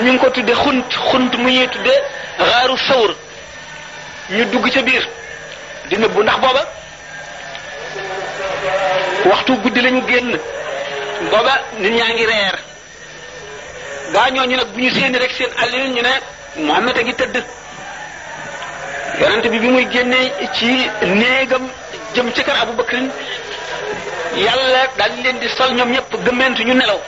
ñu ngi ko tudde xunt xunt mu ñuy tudde xaaru sawr ñu dugg ci biir di nëbbu ndax booba waxtu guddi lañu génn booba nit ñaa ngi reer gaa ñooñu nag bu ñu séeni rek seen àll ñu ne Muhammad a ngi tëdd yonent bi bi muy génnee ci néegam jëm ci kër Abubakrin yàlla daal leen di sol ñoom ñëpp gëmmentu ñu nelaw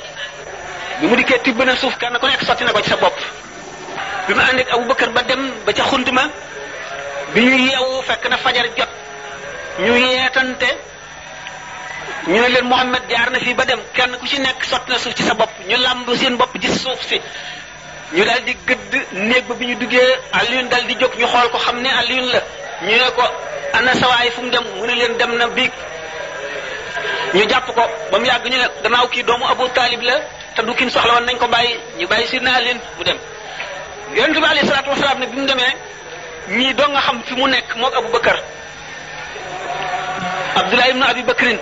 bi mu dikkee tibb na suuf kenn ku nekk sotti na ko ci sa bopp bi mu ànd ak Abubakar ba dem ba ca xunt ma bi ñu yeewu fekk na fajar jot ñu yeetante ñu ne leen Muhammad jaar na fii ba dem kenn ku ci nekk sotti na suuf ci sa bopp ñu làmb seen bopp gis suuf si ñu daal di gëdd néeg ba bi ñu duggee Alioune daal di jóg ñu xool ko xam ne Alioune la ñu ne ko ana sawaay fu mu dem mu ne leen dem na biig ñu jàpp ko ba mu yàgg ñu ne gannaaw kii doomu Abu Taalib la te du kin soxla woon nañ ko bàyyi ñu bàyyi sidna Alioune mu dem yonent bi alayhi salaatu ne bi mu demee ñii doo nga xam fi mu nekk moog Abu Bakar Abdullah ibnu Abi Bakrin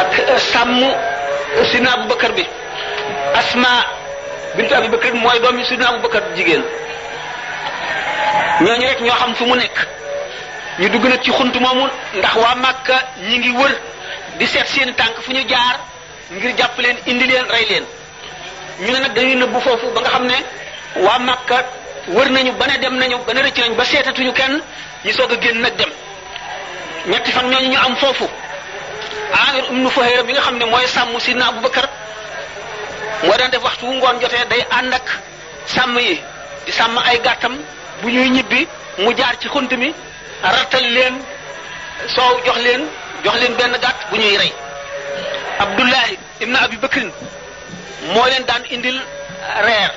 ak euh, sàmm euh, sidna Abu Bakar bi asma bintu abi bakar mooy doom yi sudna abu bakar jigéen ñooñu rek ñoo xam fu mu nekk ñu dugg nag ci xunt moomu ndax waa Màkka ñi ngi wër di seet seen tànk fu ñu jaar ngir jàpp leen indi leen rey leen ñu ne nag dañuy nëbbu foofu ba nga xam ne waa Màkka wër nañu ba dem nañu ba ne rëcc nañu ba seetatuñu kenn ñu soog a génn nag dem ñetti fan ñooñu ñu am foofu Amir ibnu Fuhayra bi nga xam ne mooy sàmm Sidna Abubakar moo daan def waxtu wu ngoon jotee day ànd ak sàmm yi di sàmm ay gàttam bu ñuy ñibbi mu jaar ci xunt mi rattal leen soow jox leen jox leen benn gàtt bu ñuy rey abdullahi ibn abi bakrin moo leen daan indil reer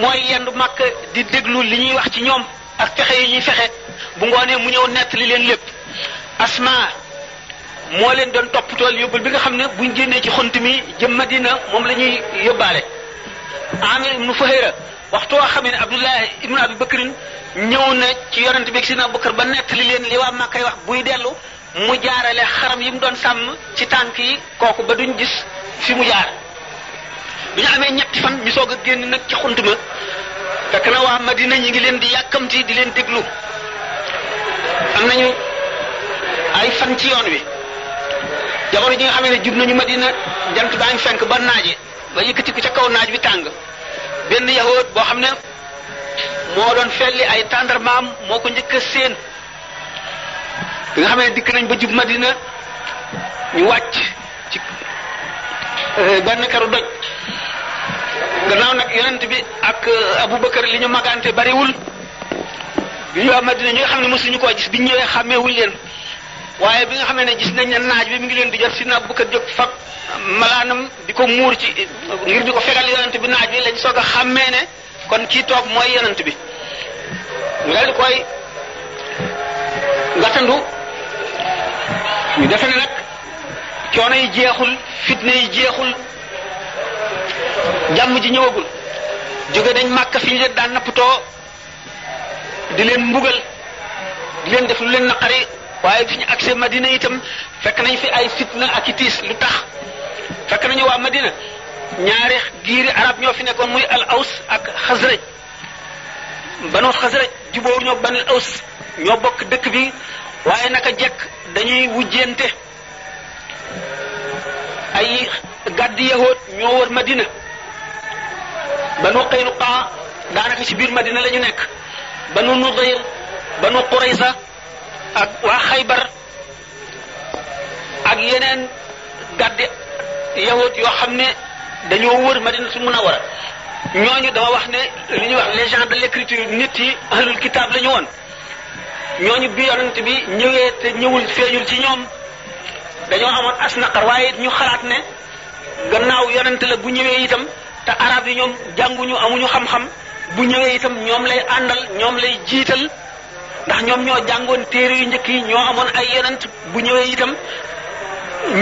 mooy yendu màkk di déglu li ñuy wax ci ñoom ak fexe yi ñuy fexe bu ngoonee mu ñëw nettali leen lépp asma moo leen doon toppatool yóbbul bi nga xam ne buñ génnee ci xont mi jëm Madina moom la ñuy yóbbaale Amir ibnu Fuhayra waxtu waa xamee ne Abdullah ibnu Abi Bakrin ñëw na ci yonent bi Sidna Abubakar ba li leen li waa Màkkay wax buy dellu mu jaarale xaram yi mu doon sàmm ci tànk yi kooku ba duñ gis fi mu jaar bi ñu amee ñetti fan ñu soog a génn nag ci xunt ma fekk na waa Madina ñi ngi leen di yàkkamti di leen déglu am nañu ay fan ci yoon wi jamono ji nga xamee ne jub nañu Madina jant baa ngi fenk ba naaje ba yëkkati ko ca kaw naaj bi tàng benn yahood boo xam ne moo doon felli ay tàndarmaam moo ko njëkk a séen bi nga xam ne dikk nañ ba jub Madina ñu wàcc ci euh, benn keru doj gannaaw nag yonent bi ak euh, Aboubacar li ñu magante bariwul bi ñu waa Madina ñi nga xam ne mosuñu ko gis bi ñëwee xàmmeewuñ leen waaye bi nga xamee ne gis nañ ne naaj bi mu ngi leen di jot si na bu ko jóg fab malaanam di ko muur ci ngir di ko fegal yonent bi naaj bi lañ soog a xàmmee ne kon ki toog mooy yonent bi ñu daal di yi jeexul fitne yi jeexul jàmm ji ñëwagul jóge nañ màkk fi ñu leen daan napptoo di leen mbugal leen def leen naqari waaye fi ñu agsee Madina itam fekk nañ fi ay fitna ak itiis tiis lu tax fekk nañu waa Madina ñaari giiri arab ñoo fi nekkoon muy al aws ak xasraj banu xasraj jubóowu ñoo dëkk bi waaye naka jekk dañuy wujjente ay gàddi yahoot ñoo wër Madina banu Qaynuqa daanaka ci biir Madina la ñu nekk banu Nudayr banu Qurayza ak waa xaybar ak yeneen gàddi yahut yoo xam ne dañoo wër madina su mën a munawara ñooñu dama wax ne li ñuy wax les gens de l'écriture nit yi ahlul kitaab la woon ñooñu bi yonent bi ñëwee te ñëwul feeñul ci ñoom dañoo amoon as naqar waaye ñu xalaat ne gannaaw yonent la bu ñëwee itam te arab yi ñoom jànguñu amuñu xam-xam bu ñëwee itam ñoom lay àndal ñoom lay jiital ndax ñoom ñoo jàngoon téere yu njëkk yi ñoo amoon ay yonent bu ñëwee itam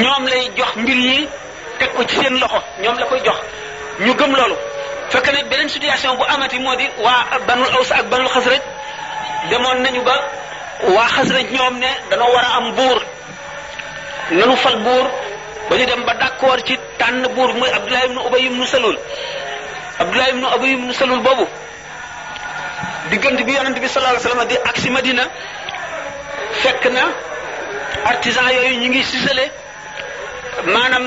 ñoom lay jox mbir yi teg ko ci seen loxo ñoom la koy jox ñu gëm loolu fekk ne beneen situation bu amati moo di waa banul ak banul xasraj demoon nañu ba waa xasraj ñoom ne danoo war a am buur nanu fal buur ba ñu dem ba d'accord ci tànn buur muy Abdullah ibnu Ubay ibnu Salul Abdullah ibnu Ubay ibnu Salul boobu diggante bi yonent bi sallallahu alayhi wasallam di agsi Madina fekk na artisan yooyu ñu ngi sisale maanaam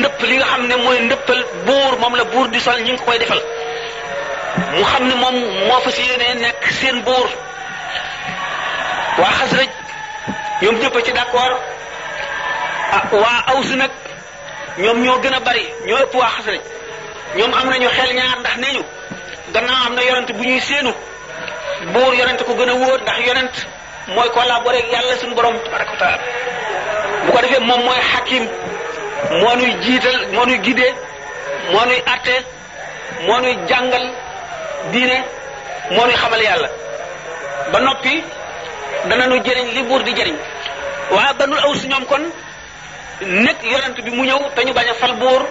ndëpp li nga xam ne mooy ndëppal buur moom la buur di sol ñu ngi koy defal mu xam ne moom moo fa si yéene nekk seen buur waa xasraj ñoom ñëpp a ci d'accord ah waa awsu nag ñoom ñoo gën a bari ñoo ëpp waa xasraj ñoom am nañu xel ñaar ndax nee ñu gannaaw xam na yorante bu ñuy séenu buur yonent ko gën a wóor ndax yonent mooy collaboré ak yàlla suñu borom tabaraka bu ko defee moom mooy xakim moo nuy jiital moo nuy gidee moo nuy atte moo nuy jàngal diine moo nuy xamal yàlla ba noppi dana nu jëriñ li buur di jëriñ waaye banul aw su ñoom kon nekk yonent bi mu ñëw te ñu bañ a fal buur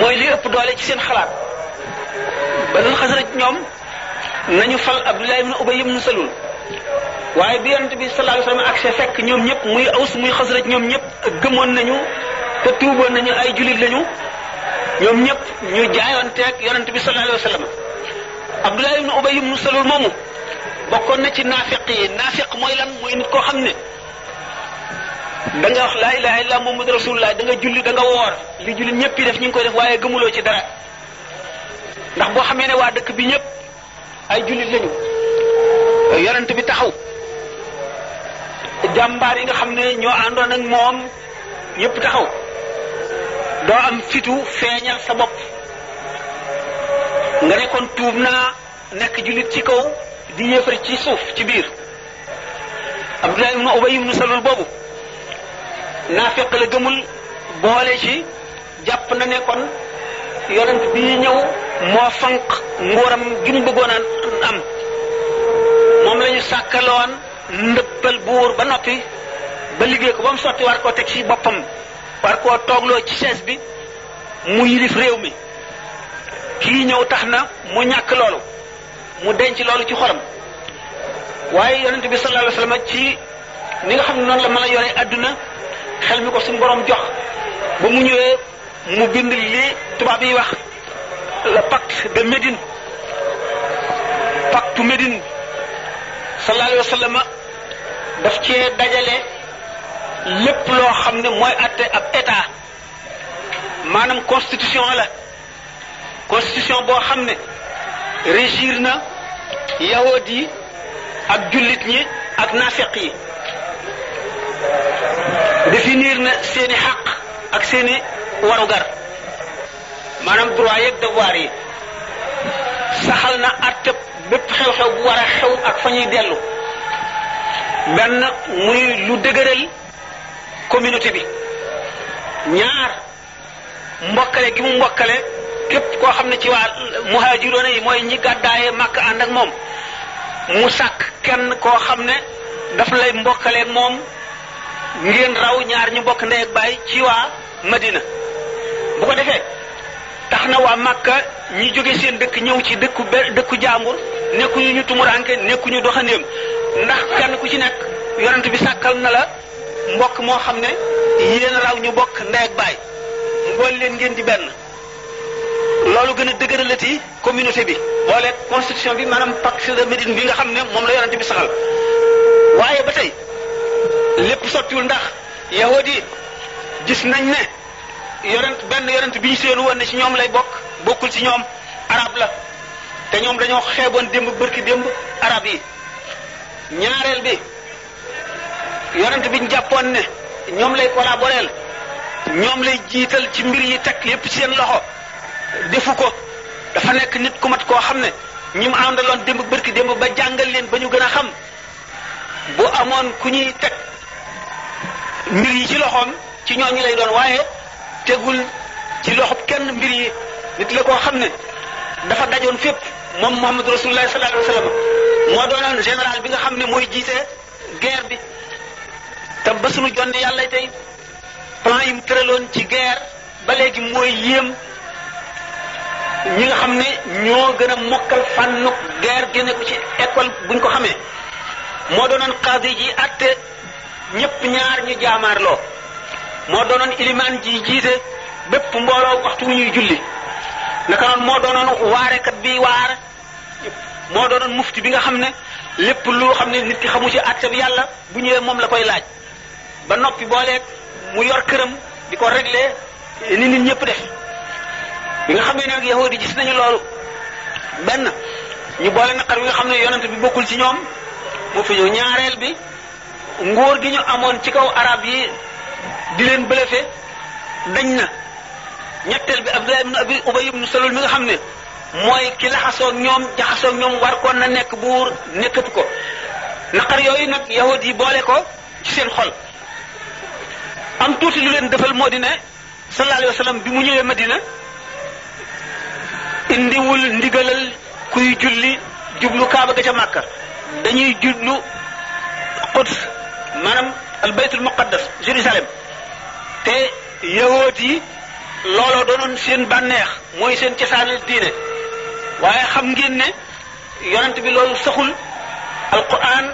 mooy li ëpp doole ci seen xalaat banul xasara ñoom nañu fal Abdullah ibn Ubay ibn Salul waaye bi yonent bi sallallahu alayhi ak sa fekk ñoom ñëpp muy Aws muy Xasraj ñoom ñëpp gëmoon nañu te tuuboon nañu ay jullit lañu ñoom ñëpp ñu jaayoonteeg yonent bi sallallahu alayhi wa sallam Abdullah ibn Ubay yu Salul moomu bokkoon na ci naafiq yi naafiq mooy lan mooy nit koo xam ne da nga wax laa ilaha illa muhammadu rasulullah da nga julli da nga woor li jullit ñëpp yi def ñu ngi koy def waaye gëmuloo ci dara ndax boo xamee ne waa dëkk bi ñëpp ay jullit lañu yonent bi taxaw jàmbaar yi nga xam ne ñoo àndoon ak moom ñëpp taxaw doo am fitu feeñal sa bopp nga nekkoon tuub naa nekk jullit ci kaw di yéefar ci suuf ci biir Abdullah ibnu Ubay ibnu Salul boobu naa fekk la gëmul boole ci jàpp na nekkoon yonent bi ñëw moo fanq nguuram gi mu bëggoon am moom lañu ñu sàkkaloon ndëppal buur ba noppi ba liggéey ko ba mu sotti war koo teg ci boppam war koo toogloo ci chaise bi mu yilif réew mi kii ñëw tax na mu ñàkk loolu mu denc loolu ci xolam waaye yonent bi sallallahu alayhi ci ni nga xam ne noonu la mën a yore adduna xel mi ko suñu borom jox ba mu ñëwee mu bind lii tubaab yi wax le pacte de Médine pacte Médine sallallahu alayhi daf cee dajale lépp loo xam ne mooy àtte ab état maanaam constitution la constitution boo xam ne régir na yahood yi ak jullit ñi ak naafeq yi définir na seeni xaq ak seeni warugar maanaam droit yeeg devoir yi saxal na àtteb bépp xew-xew bu war a xew ak fa ñuy dellu benn muy lu dëgëral communauté bi ñaar mbokkale gi mu mbokkale képp koo xam ne ci waa muhaajiroona yi mooy ñi gàddaaye màkk ànd ak moom mu sàkk kenn koo xam ne daf lay mbokkale moom ngeen raw ñaar ñu mbokk ndey ak baay ci waa Madina bu ko defee tax na waa Màkka ñi jóge seen dëkk ñëw ci dëkku be dëkku jaambur nekkuñu ñu tumuranke nekkuñu doxandéem ndax kenn ku ci nekk yonent bi sàkkal na la mbokk moo xam ne yéen raw ñu bokk ndey ak baay mbool leen ngeen di benn loolu gën a dëgëralati communauté bi boole constitution bi maanaam pacte de Médine bi nga xam ne moom la yonent bi saxal waaye ba tey lépp sottiwul ndax di gis nañ ne yonent benn yonent bi ñu seenu woon ne ci ñoom lay bokk bokkul ci ñoom arab la te ñoom dañoo xeeboon démb bërki démb arab yi ñaareel bi yonent bi ñu jàppoon ne ñoom lay collaboreel ñoom lay jiital ci mbir yi teg yépp ci seen loxo defu ko dafa nekk nit ku mat koo xam ne ñi mu àndaloon démb bërki démb ba jàngal leen ba ñu gën a xam bu amoon ku ñuy teg mbir yi ci loxoom ci ñooñu lay doon waaye tegul ci loxob kenn mbir yi nit xam ne dafa dajoon fépp moom Muhammadu Rasulullah sallallahu alayhi wa sallam moo général bi nga xam ne mooy jiite guerre bi te ba sunu jonn yàlla tey plan yi mu tëraloon ci guerre ba léegi mooy yéem ñi nga xam ne ñoo gën a mokkal fànnuk guerre génne ko ci école buñ ko xamee moo doonoon xaadi ji àtte ñëpp ñaar ñu jaamaarloo moo doonoon ilimaan ji jiite bépp mbooloo waxtu wu ñuy julli naka noonu moo doonoon waarekat bi waar moo doonoon mufti bi nga xam ne lépp lu xam ne nit ki xamu ci àtte bi yàlla bu ñëwee moom la koy laaj ba noppi booleeg mu yor këram di ko régler ni nit ñëpp def bi nga xam ne nag yahudi gis nañu loolu benn ñu boole naqar bi nga xam ne yonent bi bokkul ci ñoom moo fi ñëw ñaareel bi nguur gi ñu amoon ci kaw araab yi di leen bëlëfe dañ na ñetteel bi Abdullah ibn Abi Ubay ibn Salul mi nga xam ne mooy ki laxasoog ñoom jaxasoog ñoom war koon na nekk buur nekkatu ko naqar yooyu nag yahud yi boole ko ci seen xol am tuuti lu leen defal moo di ne sallallahu bi mu ñëwee Madina indiwul ndigalal kuy julli jublu Kaaba ga ca Màkka dañuy jublu Quds maanaam al baytul muqaddas Jérusalem te yahood yi looloo doonoon seen bànneex mooy seen cosaanal diine waaye xam ngeen ne yonent bi loolu saxul alquran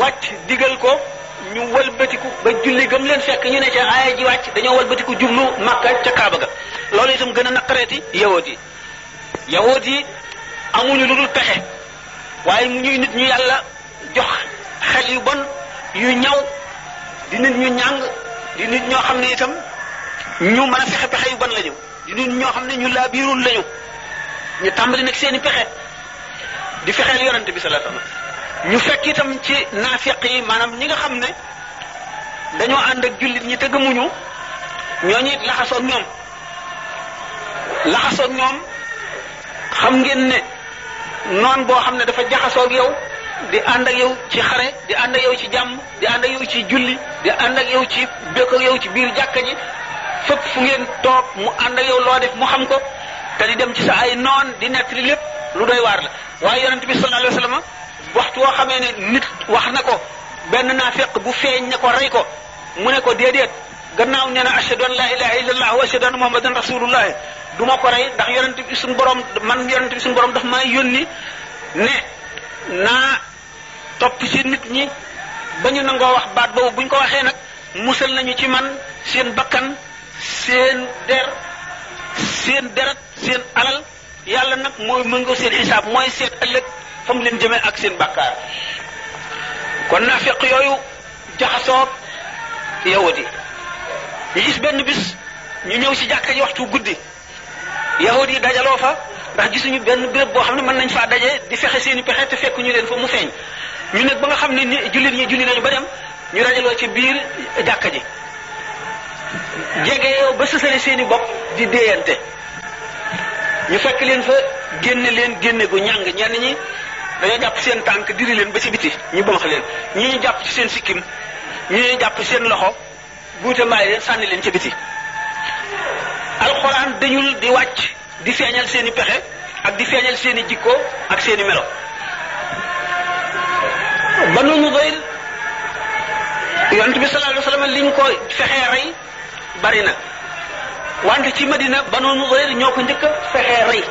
wàcc digal ko ñu walbatiku ba julli gëm leen fekk ñu ne ca aaya ji wàcc dañoo walbatiku jublu màkka ca kaaba ga loolu itam gën a naqareeti yahood yi yahood yi amuñu lu dul pexe waaye mu ñuy nit ñu yàlla jox xel yu bon yu ñaw di nit ñu ñàng di nit ñoo xam ne itam ñu mën a fexe pexe yu bon lañu di nit ñoo xam ne ñu laa biirul lañu ñu tàmbali nag seeni i pexe di fexeel yonante bi sallallahu alayhi ñu fekk itam ci naafiq yi maanaam ñi nga xam ne dañoo ànd ak jullit ñi te gëmuñu ñooñu it laxasoog ñoom laxasoog ñoom xam ngeen ne noon boo xam ne dafa jaxasoog yow di ànd ak yow ci xare di ànd yow ci jàmm di ànd yow ci julli di ànd yow ci békk yow ci biir jàkka ji fépp fu ngeen toog mu àndak yow loo def mu xam ko te di dem ci sa ay noon di nett li lépp lu doy waar la waaye yonent bi sallallahu alayhi wasallam waxtu woo xamee ne nit wax na ko benn naafeq bu feeñ ne ko rey ko mu ne ko déedéet gannaaw nee na ashhadu an la ilaha illallah wa ashhadu muhammadan rasulullah du ma ko rey ndax yonent bi suñu borom man yonent bi suñu borom daf maa yónni topp ci nit ñi ba ñu nangoo wax baat boobu bu ñu ko waxee nag musal nañu ci man seen bakkan seen der seen deret seen alal yàlla nag mooy mëngoo seen xisaab mooy seen ëllëg fa mu leen jëmee ak seen bàkkaar kon naafeq yooyu jaxasoo yahudi ñu gis benn bis ñu ñëw ci jàkka ji waxtu guddi yahudi yi dajaloo fa ndax gisuñu benn béréb boo xam ne mën nañ faa daje di fexe seeni pexe te ñu leen fa mu feeñ ñu nekk ba nga xam ne ni jullit ñi julli nañu ba dem ñu dajaloo ci biir jàkka ji jege yow ba sësale seeni bopp di déeyante ñu fekk leen fa génne leen génne gu ñàng ñenn ñi dañoo jàpp seen tànk diri leen ba ci biti ñu bamax leen ñi ñu jàpp seen sikkim ñi ñu jàpp seen loxo buute mbaay leen sànni leen ci biti alxuraan dañul di wàcc di feeñal seeni pexe ak di feeñal seeni jikko ak seeni melo banu Nudayr yonent bi sallallahu alayhi wa sallam liñ ko fexee rey bari na wante ci Madina banu Nudayr ñoo ko njëkk fexee rey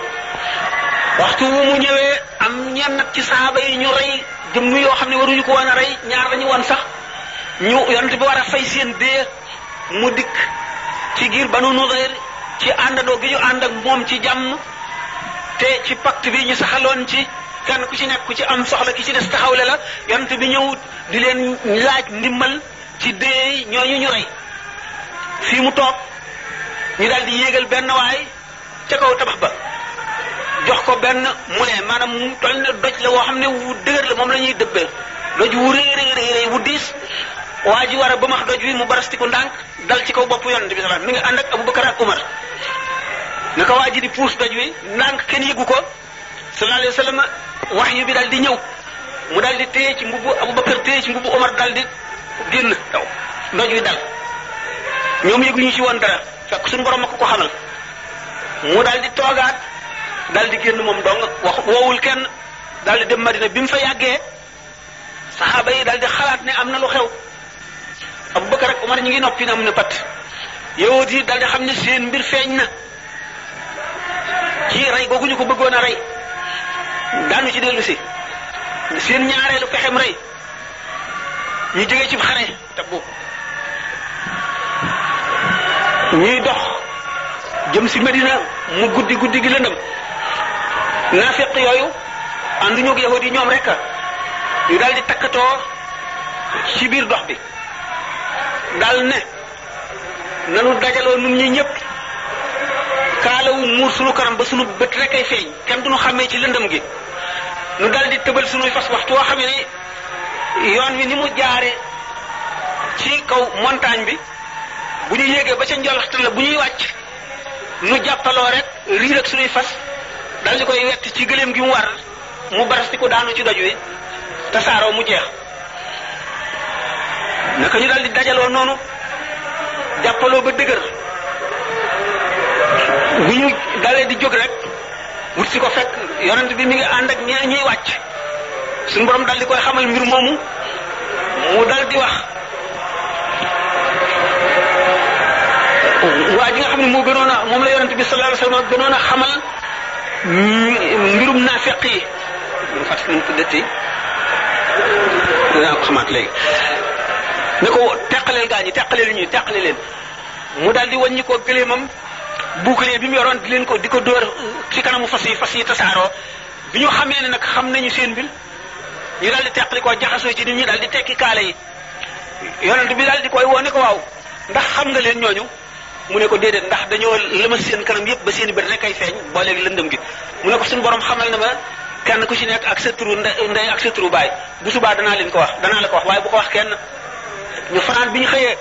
waxtu wu mu ñëwee am ñenn ci saaba yi ñu rey jëmm yoo xam ne waruñu ko woon a rey ñaar lañu woon sax ñu yonent bi war a fay seen dee mu dikk ci giir banu Nudayr ci àndandoo gi ñu ànd ak moom ci jàmm te ci pacte bi ñu saxaloon ci kenn ku ci nekk ku ci am soxla ki ci des taxawle la yonent bi ñëw di leen laaj ndimbal ci dee ñooñu ñu rey fii mu toog ñu daal di yéegal benn waay ca kaw tabax ba jox ko benn moulin maanaam mu toll ne doj la woo xam ne wu la moom la ñuy dëbbee doj wu rëy rëy rëy wu diis waa ji war a ba max doj wi mu barastiku ndànk dal ci kaw boppu yonent bi salaam mi ngi ànd ak Abubakar ak Umar ne ko waa ji di puus doj wi ndànk kenn yëgu ko sallallahu alayhi wa sallam wax yu bi daal di ñëw mu daal di téye ci mbubu Abubakar téye ci mbubu Omar daal di génn daw ndoj wi dal ñoom yëguñu ci woon dara fekk suñu borom a ko ko xamal mu daal di toogaat daal di génn moom dong wax woowul kenn daal di dem Madina bi mu fa yàggee saxaaba yi daal di xalaat ne am na lu xew Abubakar ak Omar ñu ngi noppi na am na pat yowut yi daal di xam ne seen mbir feeñ na ci rey googu ñu ko bëggoon a rey daanu ci dellu si seen ñaareelu pexem rey ñu jóge ci xare ñuy dox jëm si Medina mu guddi guddi gi lëndëm naafiq yooyu ànduñu ak yahud yi ñoom rek ñu daal di takkatoo ci biir dox bi daal ne nanu dajaloo nun ñi ñëpp kaalawu muur sunu karam ba sunu bët rek ay feeñ kenn duñu xàmmee ci lëndëm gi nu dal di tëbal sunuy fas waxtu woo xam ne yoon wi ni mu jaare ci kaw montagne bi bu ñu yéegee ba ca njolaxte la bu ñuy wàcc nu jàppaloo rek riir ak sunuy fas daldi koy wett ci gëléem gi mu war mu barastiku daanu ci doj wi te mu jeex naka ñu dal dajaloo noonu jàppaloo ba dëgër bu ñu dalee di jóg rek wut si ko fekk yonent bi mi ngi ànd ak ñee ñuy wàcc suñu borom dal di koy xamal mbir moomu mu dal di wax waa ji nga xam ne moo gënoon a moom la yonent bi sallallahu alayhi wasallam gënoon a xamal mbirum naafeq yi ñu fàttali ñu tuddati dinaa ko xamaat léegi ne ko teqaleel gaa ñi teqaleel ñu teqale leen mu daal di wàññi ko gëléemam bouclier bi mu yoroon di leen ko di ko dóor uh, ci kanamu fas yi fas yi tasaaroo bi ñu xamee ne nag xam nañu seen mbir ñu daal di teqli ko jaxasoo ci nit ñi daal di tekki kaala yi yonent bi daal di koy woo ne ko waaw ndax xam nga leen ñooñu mu ne ko déedéet ndax dañoo lëmas seen kanam yëpp ba seen i bët rek ay feeñ boo léegi lëndëm gi mu ne ko suñu borom xamal na ma kenn ku ci nekk ak sa turu ndey ak sa turu baay bu subaa danaa leen ko wax danaa la ko wax waaye bu ko wax kenn ñu fanaan bi ñu xëyee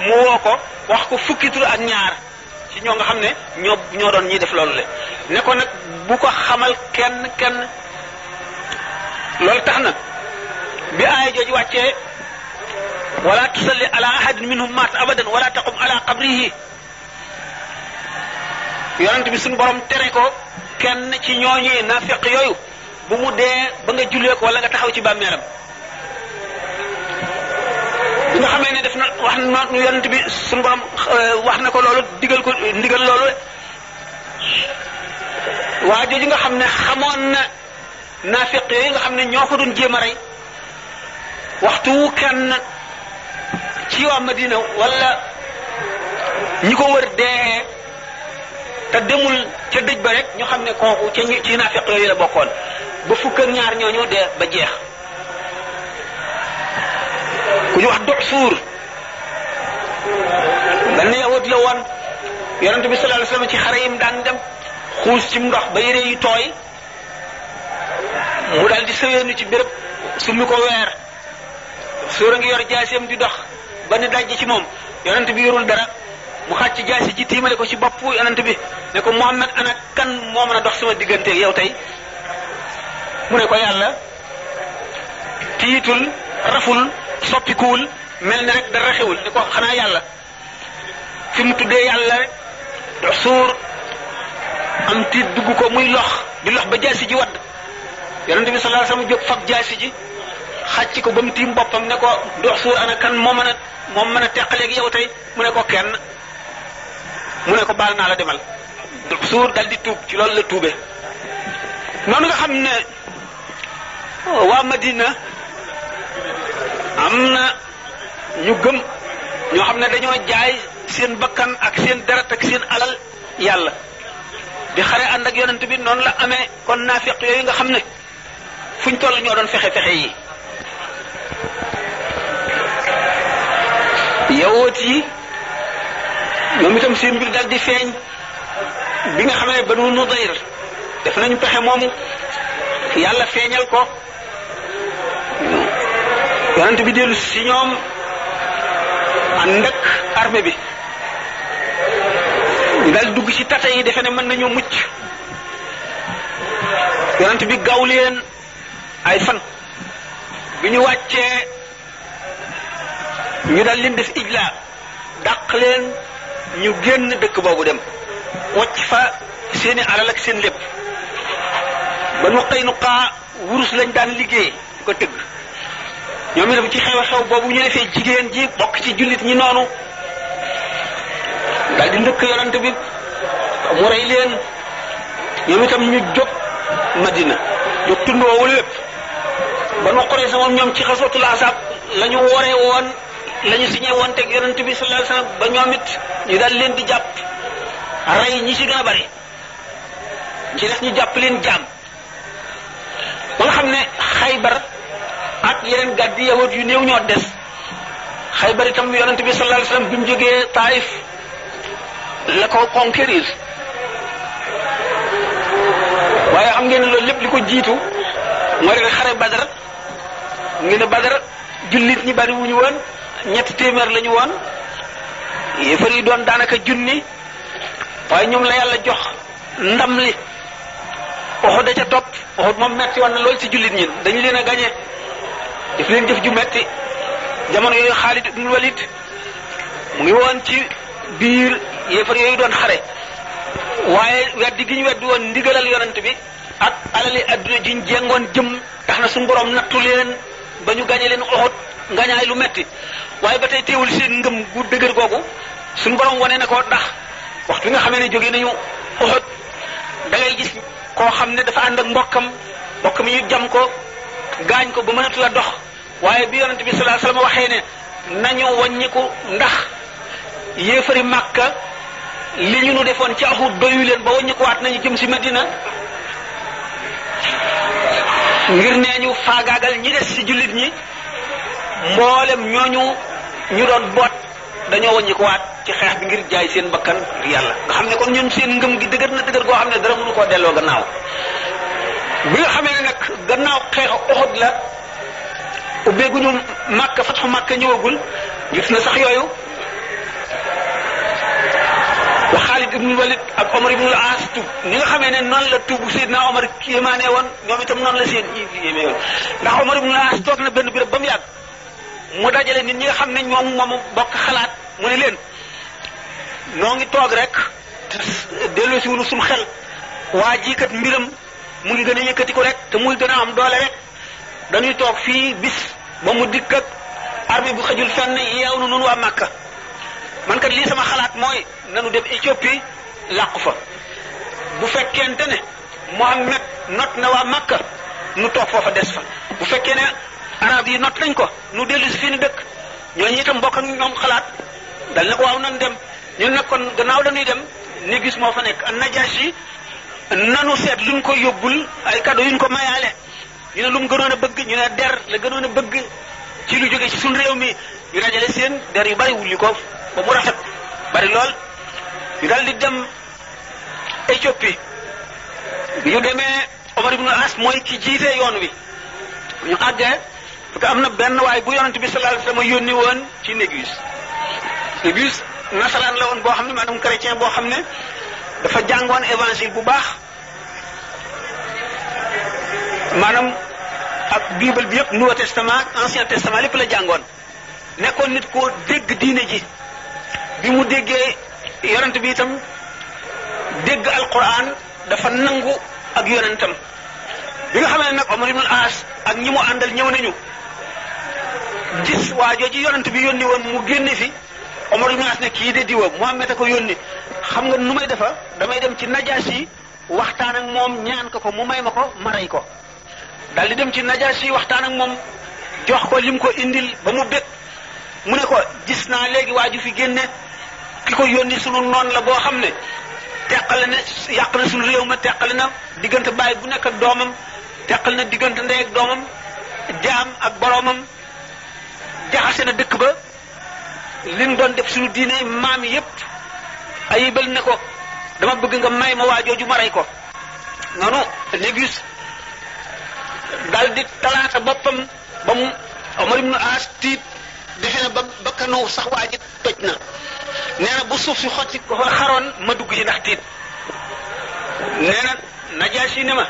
mu ko wax ko fukki tur ak ñaar ci ñoo nga xam ne ñoo ñoo doon ñiy def loolu le ne ko nag bu ko xamal kenn kenn loolu tax na bi aaya jooju wàccee wala tusalli ala ahadin minhum maata abadan wala taqum ala yi yonent bi suñu borom tere ko kenn ci ñooñee nafiq yooyu bu mu dee ba nga jullee ko wala nga taxaw ci bàmmeelam nga xamee ne def na wax na nu yonent bi suñu borom euh, wax na ko loolu digal ko ndigal loolu waa jooju nga xam ne xamoon na naafiq yooyu nga xam ne ñoo ko doon jéem a rey waxtu wu kenn ci waa Madina wala ñi ko wër dee te demul ca dëj ba rek ñu xam ne kooku ca ci naafiq yooyu la bokkoon ba fukk ak ñaar ñooñu dee ba jeex ku ñu wax dot suur benn yahut la woon yonent bi sallallahu alayhi ci xare yim daan dem xuus ci ndox ba yére yi tooy mu dal di sëweenu ci su mu ko weer suur a ngi yor jaaseem di dox ba ne dajji ci moom yonent bi yorul dara mu xàcc jaasi ji tiimale ko ci bopp yonent bi ne ko Muhammad ana kan moo mën a dox sama diggante yow tey mu ne ko yàlla tiitul raful soppikuwul mel na rek dara xewul ni ko xanaa yàlla fi mu tuddee yàlla rek suur am tiit dugg ko muy lox di lox ba jaasi ji wadd yonente bi sallallahu alayhi wasallam jóg fab jaasi ji xàcc ko ba mu tiim boppam ne ko dox suur ana kan moo mën a moo mën a teqaleeg yow tey mu ne ko kenn mu ne ko baal naa la demal dox suur dal di tuub ci loolu la tuube noonu nga xam ne waa Madina am na ñu gëm ñoo xam ne dañoo jaay seen bakkan ak seen deret ak seen alal yàlla di xare ànd ak yonent bi noonu la amee kon naafiq yooyu nga xam ne fuñ toll ñoo doon fexe fexe yi yawoot yi ñoom itam seen mbir dal di feeñ bi nga xamee banu nudayr def nañu pexe moomu yàlla feeñal ko yonent bi dellu si ñoom ànd ak armée bi ñu daal dugg ci tata yi defe ne mën nañoo mucc yonent bi gaaw leen ay fan bi ñu wàccee ñu dal leen def ijla dàq leen ñu génn dëkk boobu dem wacc fa seeni alal ak seen lépp ba nu xëy wurus lañ daan liggéey ko tëgg ñoom itam ci xew xew boobu ñu defee jigéen ji bokk ci jullit ñi noonu daal di ndëkk yonent bi mu rey leen ñoom itam ñu jóg madina jóg tundoowu lépp ba nu xoree moom ñoom ci xaswatul asab la ñu wooree woon la ñu signé woon teg yonent bi sallallahu alayhi wasallam ba ñoom it ñu daal leen di jàpp rey ñi ci gën a bari ci des ñu jàpp leen jaam ba nga xam ne xaybar yeneen gàddi yahut yu néew ñoo des xaybar itam yonent bi sallallahu alayhi wasallam bi mu jógee taif la ko conquérir waaye xam ngeen loolu lépp li ko jiitu mooy rek xare badar ngeen ne badar jullit ñi bari wuñu woon ñetti téeméer lañu woon yéefar yi doon daanaka junni waaye ñoom la yàlla jox ndam li Uhud da ca topp Uhud moom metti woon na lool ci jullit ñi dañu leen a gañe jëf leen jëf ju metti jamono yooyu Xaalid ibnul mu ngi woon ci biir yéefar yooyu doon xare waaye weddi gi ñu weddi woon ndigalal yonent bi ak alali adduna ji jengoon jëm tax na suñu borom nattu leen ba ñu gañe leen oxut ngañaay lu metti waaye ba tey teewul seen ngëm gu dëgër googu suñu borom wane na ko ndax waxtu nga xamee ne jóge nañu oxut da ngay gis koo xam ne dafa ànd ak mbokkam mbokk mi ñu jam ko gaañ ko ba mënatu la dox waaye bi yonent bi sallallahu alayhi wasallam waxee ne nañu wàññiku ndax yéefari màkka li ñu nu defoon ci Uhud doyu leen ba wàññikuwaat nañu jëm si Madina ngir nee ñu faagaagal ñi des si jullit ñi mboolem ñooñu ñu doon boot dañoo wàññikuwaat ci xeex bi ngir jaay seen bakkan yàlla nga xam ne kon ñun seen ngëm gi dëgër na dëgër goo xam ne dara mënu ko delloo gannaaw bi nga xamee ne nag gannaaw xeexu Uhud la ubbeeguñu màkk fatxu màkk ñëwagul gis na sax yooyu wa Xaalid ibnu Walid ak Omar ibnul Aas tub ni nga xamee ne noonu la tub Seydina Omar kéemaane woon ñoom itam noonu la seen yéeme woon ndax Omar ibnul Aas toog na benn béréb ba mu yàgg mu dajale nit ñi nga xam ne ñoom moom bokk xalaat mu ne leen noo ngi toog rek dellu si wunu sum xel waa jiikat mbiram mu ngi gën a yëkkati ko rek te muy gën a am doole rek dañuy toog fii bis ba mu dikk ak armée bu xëjul fenn yeew nu nun waa Màkka man kat lii sama xalaat mooy nanu dem Éthiopie làqu fa bu fekkente ne Mohammed not na waa makka nu toog foofa des fa bu fekkee ne arab yi not nañ ko nu dellu si fi nu dëkk ñooñu itam bokk ak ñoom xalaat dal na ko waaw nan dem ñun nag kon gannaaw dañuy dem ni gis moo fa nekk a an najashi nanu seet luñ ko yóbbul ay cadeau yuñ ko mayaale ñu ne lu mu gënoon bëgg ñu ne der la gënoon a bëgg ci lu jóge ci suñu réew mi ñu dajale seen der yu bari wulli ko ba mu rafet bari lool ñu daal di dem Éthiopie bi ñu demee Omar ibn As mooy ki jiite yoon wi ñu àggee parce que am na benn waaye bu yonent bi sallallahu alayhi wasallam yónni woon ci Négus Négus nasaraan la woon boo xam ne maanaam chrétien boo xam ne dafa jàngoon évangile bu baax ak bible bi yëpp nouveau testament ak ancien testament lépp la jàngoon nekkoon nit ko dégg diine ji bi mu déggee yonent bi itam dégg alquran dafa nangu ak yonentam bi nga xam ne nag Omar ibn al-As ak ñi mu àndal ñëw nañu gis waa jooju yonent bi yónni woon mu génne fi Omar ibn al-As ne kii de diwa Muhammad a ko yónni xam nga nu may defa damay dem ci najaas yi waxtaan moom ñaan ko ko mu may ma ko ma rey ko daal di dem ci Najaasi waxtaan ak moom jox ko lim ko indil ba mu bég mu ne ko gis naa léegi waa ju fi génne ki ko yónni sunu noon la boo xam ne teqale na yàq na sunu réew ma teqale na diggante baay bu nekk doomam teqale na diggante ndey doomam jaam ak boroomam jaxase na dëkk ba liñ doon def suñu diine maam yépp a ayibal ne ko dama bëgg nga may ma waajooju ma rey ko noonu Négus dal di talaata boppam ba mu Omar ibnu As tiit defe na ba bakkanu sax waa ji toj na nee na bu suuf si xotti ko xaroon ma dugg ci ndax tiit nee na Najaasi ne ma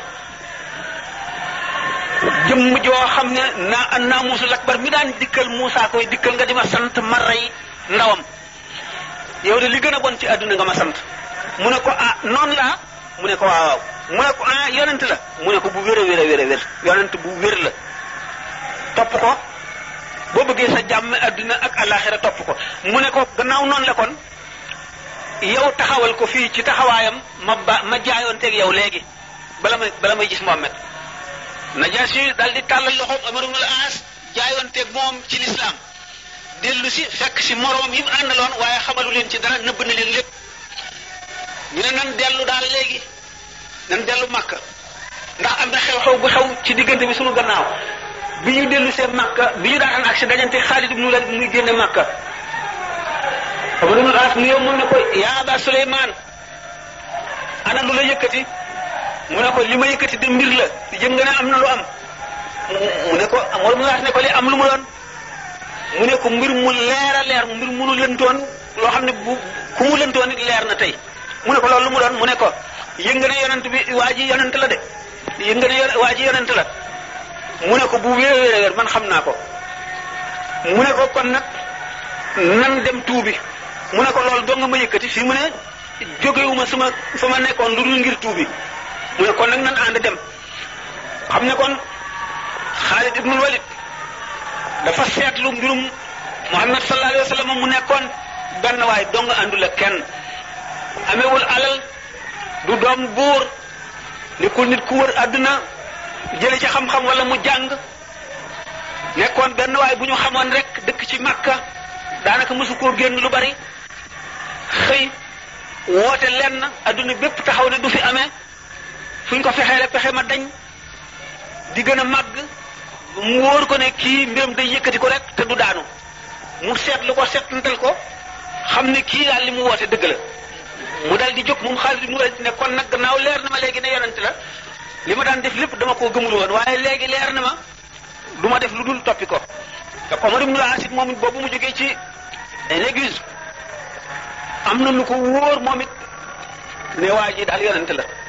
jëmm joo xam ne naa an naa muusul akbar mi daan dikkal Muusaa koy dikkal nga di ma sant ma rey ndawam yow de li gën a bon ci àdduna nga ma sant mu ne ko ah noonu laa mu ne ko waawaaw mu ne ko ah, yonent la mu ne ko bu wér a wér a wér yonent bu wér la topp ko boo bëggee sa jàmm adduna ak alaxira topp ko mu ne ko gannaaw noon la kon yow taxawal ko fii ci taxawaayam ma ba ma jaayoonteeg yow léegi bala may bala may gis Muhammad Najaasi daal di tàllal loxoom Amar ibnul Aas jaayoonteeg moom ci lislaam dellu si fekk si moroom yi mu àndaloon waaye xamalu leen ci dara nëbb na leen lépp ñu ne nan dellu daal léegi nan dellu Makka ndax am na xew-xew bu xew ci diggante bi sunu gannaaw bi ñu dellu see Makka bi ñu daan am ak si dajante Xaalid ibnu Waliid muy génne Makka. la yëkkati mu ne li ma yëkkati de mbir la jëm nga ne lu am mu ne ko li am lu mu doon mu ne ko mbir mu leer a leer mbir munu lëntoon loo xam ne bu ku mu lëntoon leer na tey mu ne ko lu mu doon mu ne yëngu ne yonent bi waa ji la de yëngu ne waa ji yonent la mu ne ko bu wéer man xam naa ko mu ne kon nag nan dem tuubi mu ne ko loolu doo nga ma yëkkati fii jógewuma suma fa ma nekkoon lu dul ngir tuubi mu ne kon nag nan ànd dem xam ne kon Xaalid ibnul Walid dafa seetlu mbirum Muhammad sallallahu mu nekkoon benn waay dong àndul ak kenn amewul alal du doom buur nekkul nit ku wër àdduna jële ci xam-xam wala mu jàng nekkoon benn waay bu ñu xamoon rek dëkk ci Makka daanaka mosu koo génn lu bari xëy woote lenn àdduna bépp taxaw ne du fi amee fu ñu ko fexee la pexe ma dañ di gën a màgg mu wóor ko ne kii mbiram day yëkkati ko rek te du daanu mu seet lu ko seetantal ko xam ne kii daal li mu woote dëgg la mu dal di jóg moom Xaalid ibnu Waliid ne kon nag gannaaw leer na ma léegi ne yonent la li ma daan def lépp dama koo gëmul woon waaye léegi leer na ma du ma def lu dul toppi ko te Omar ibnu Aas moom it boobu mu jógee ci Néguse am na lu ko wóor moom it ne waa ji daal yonent la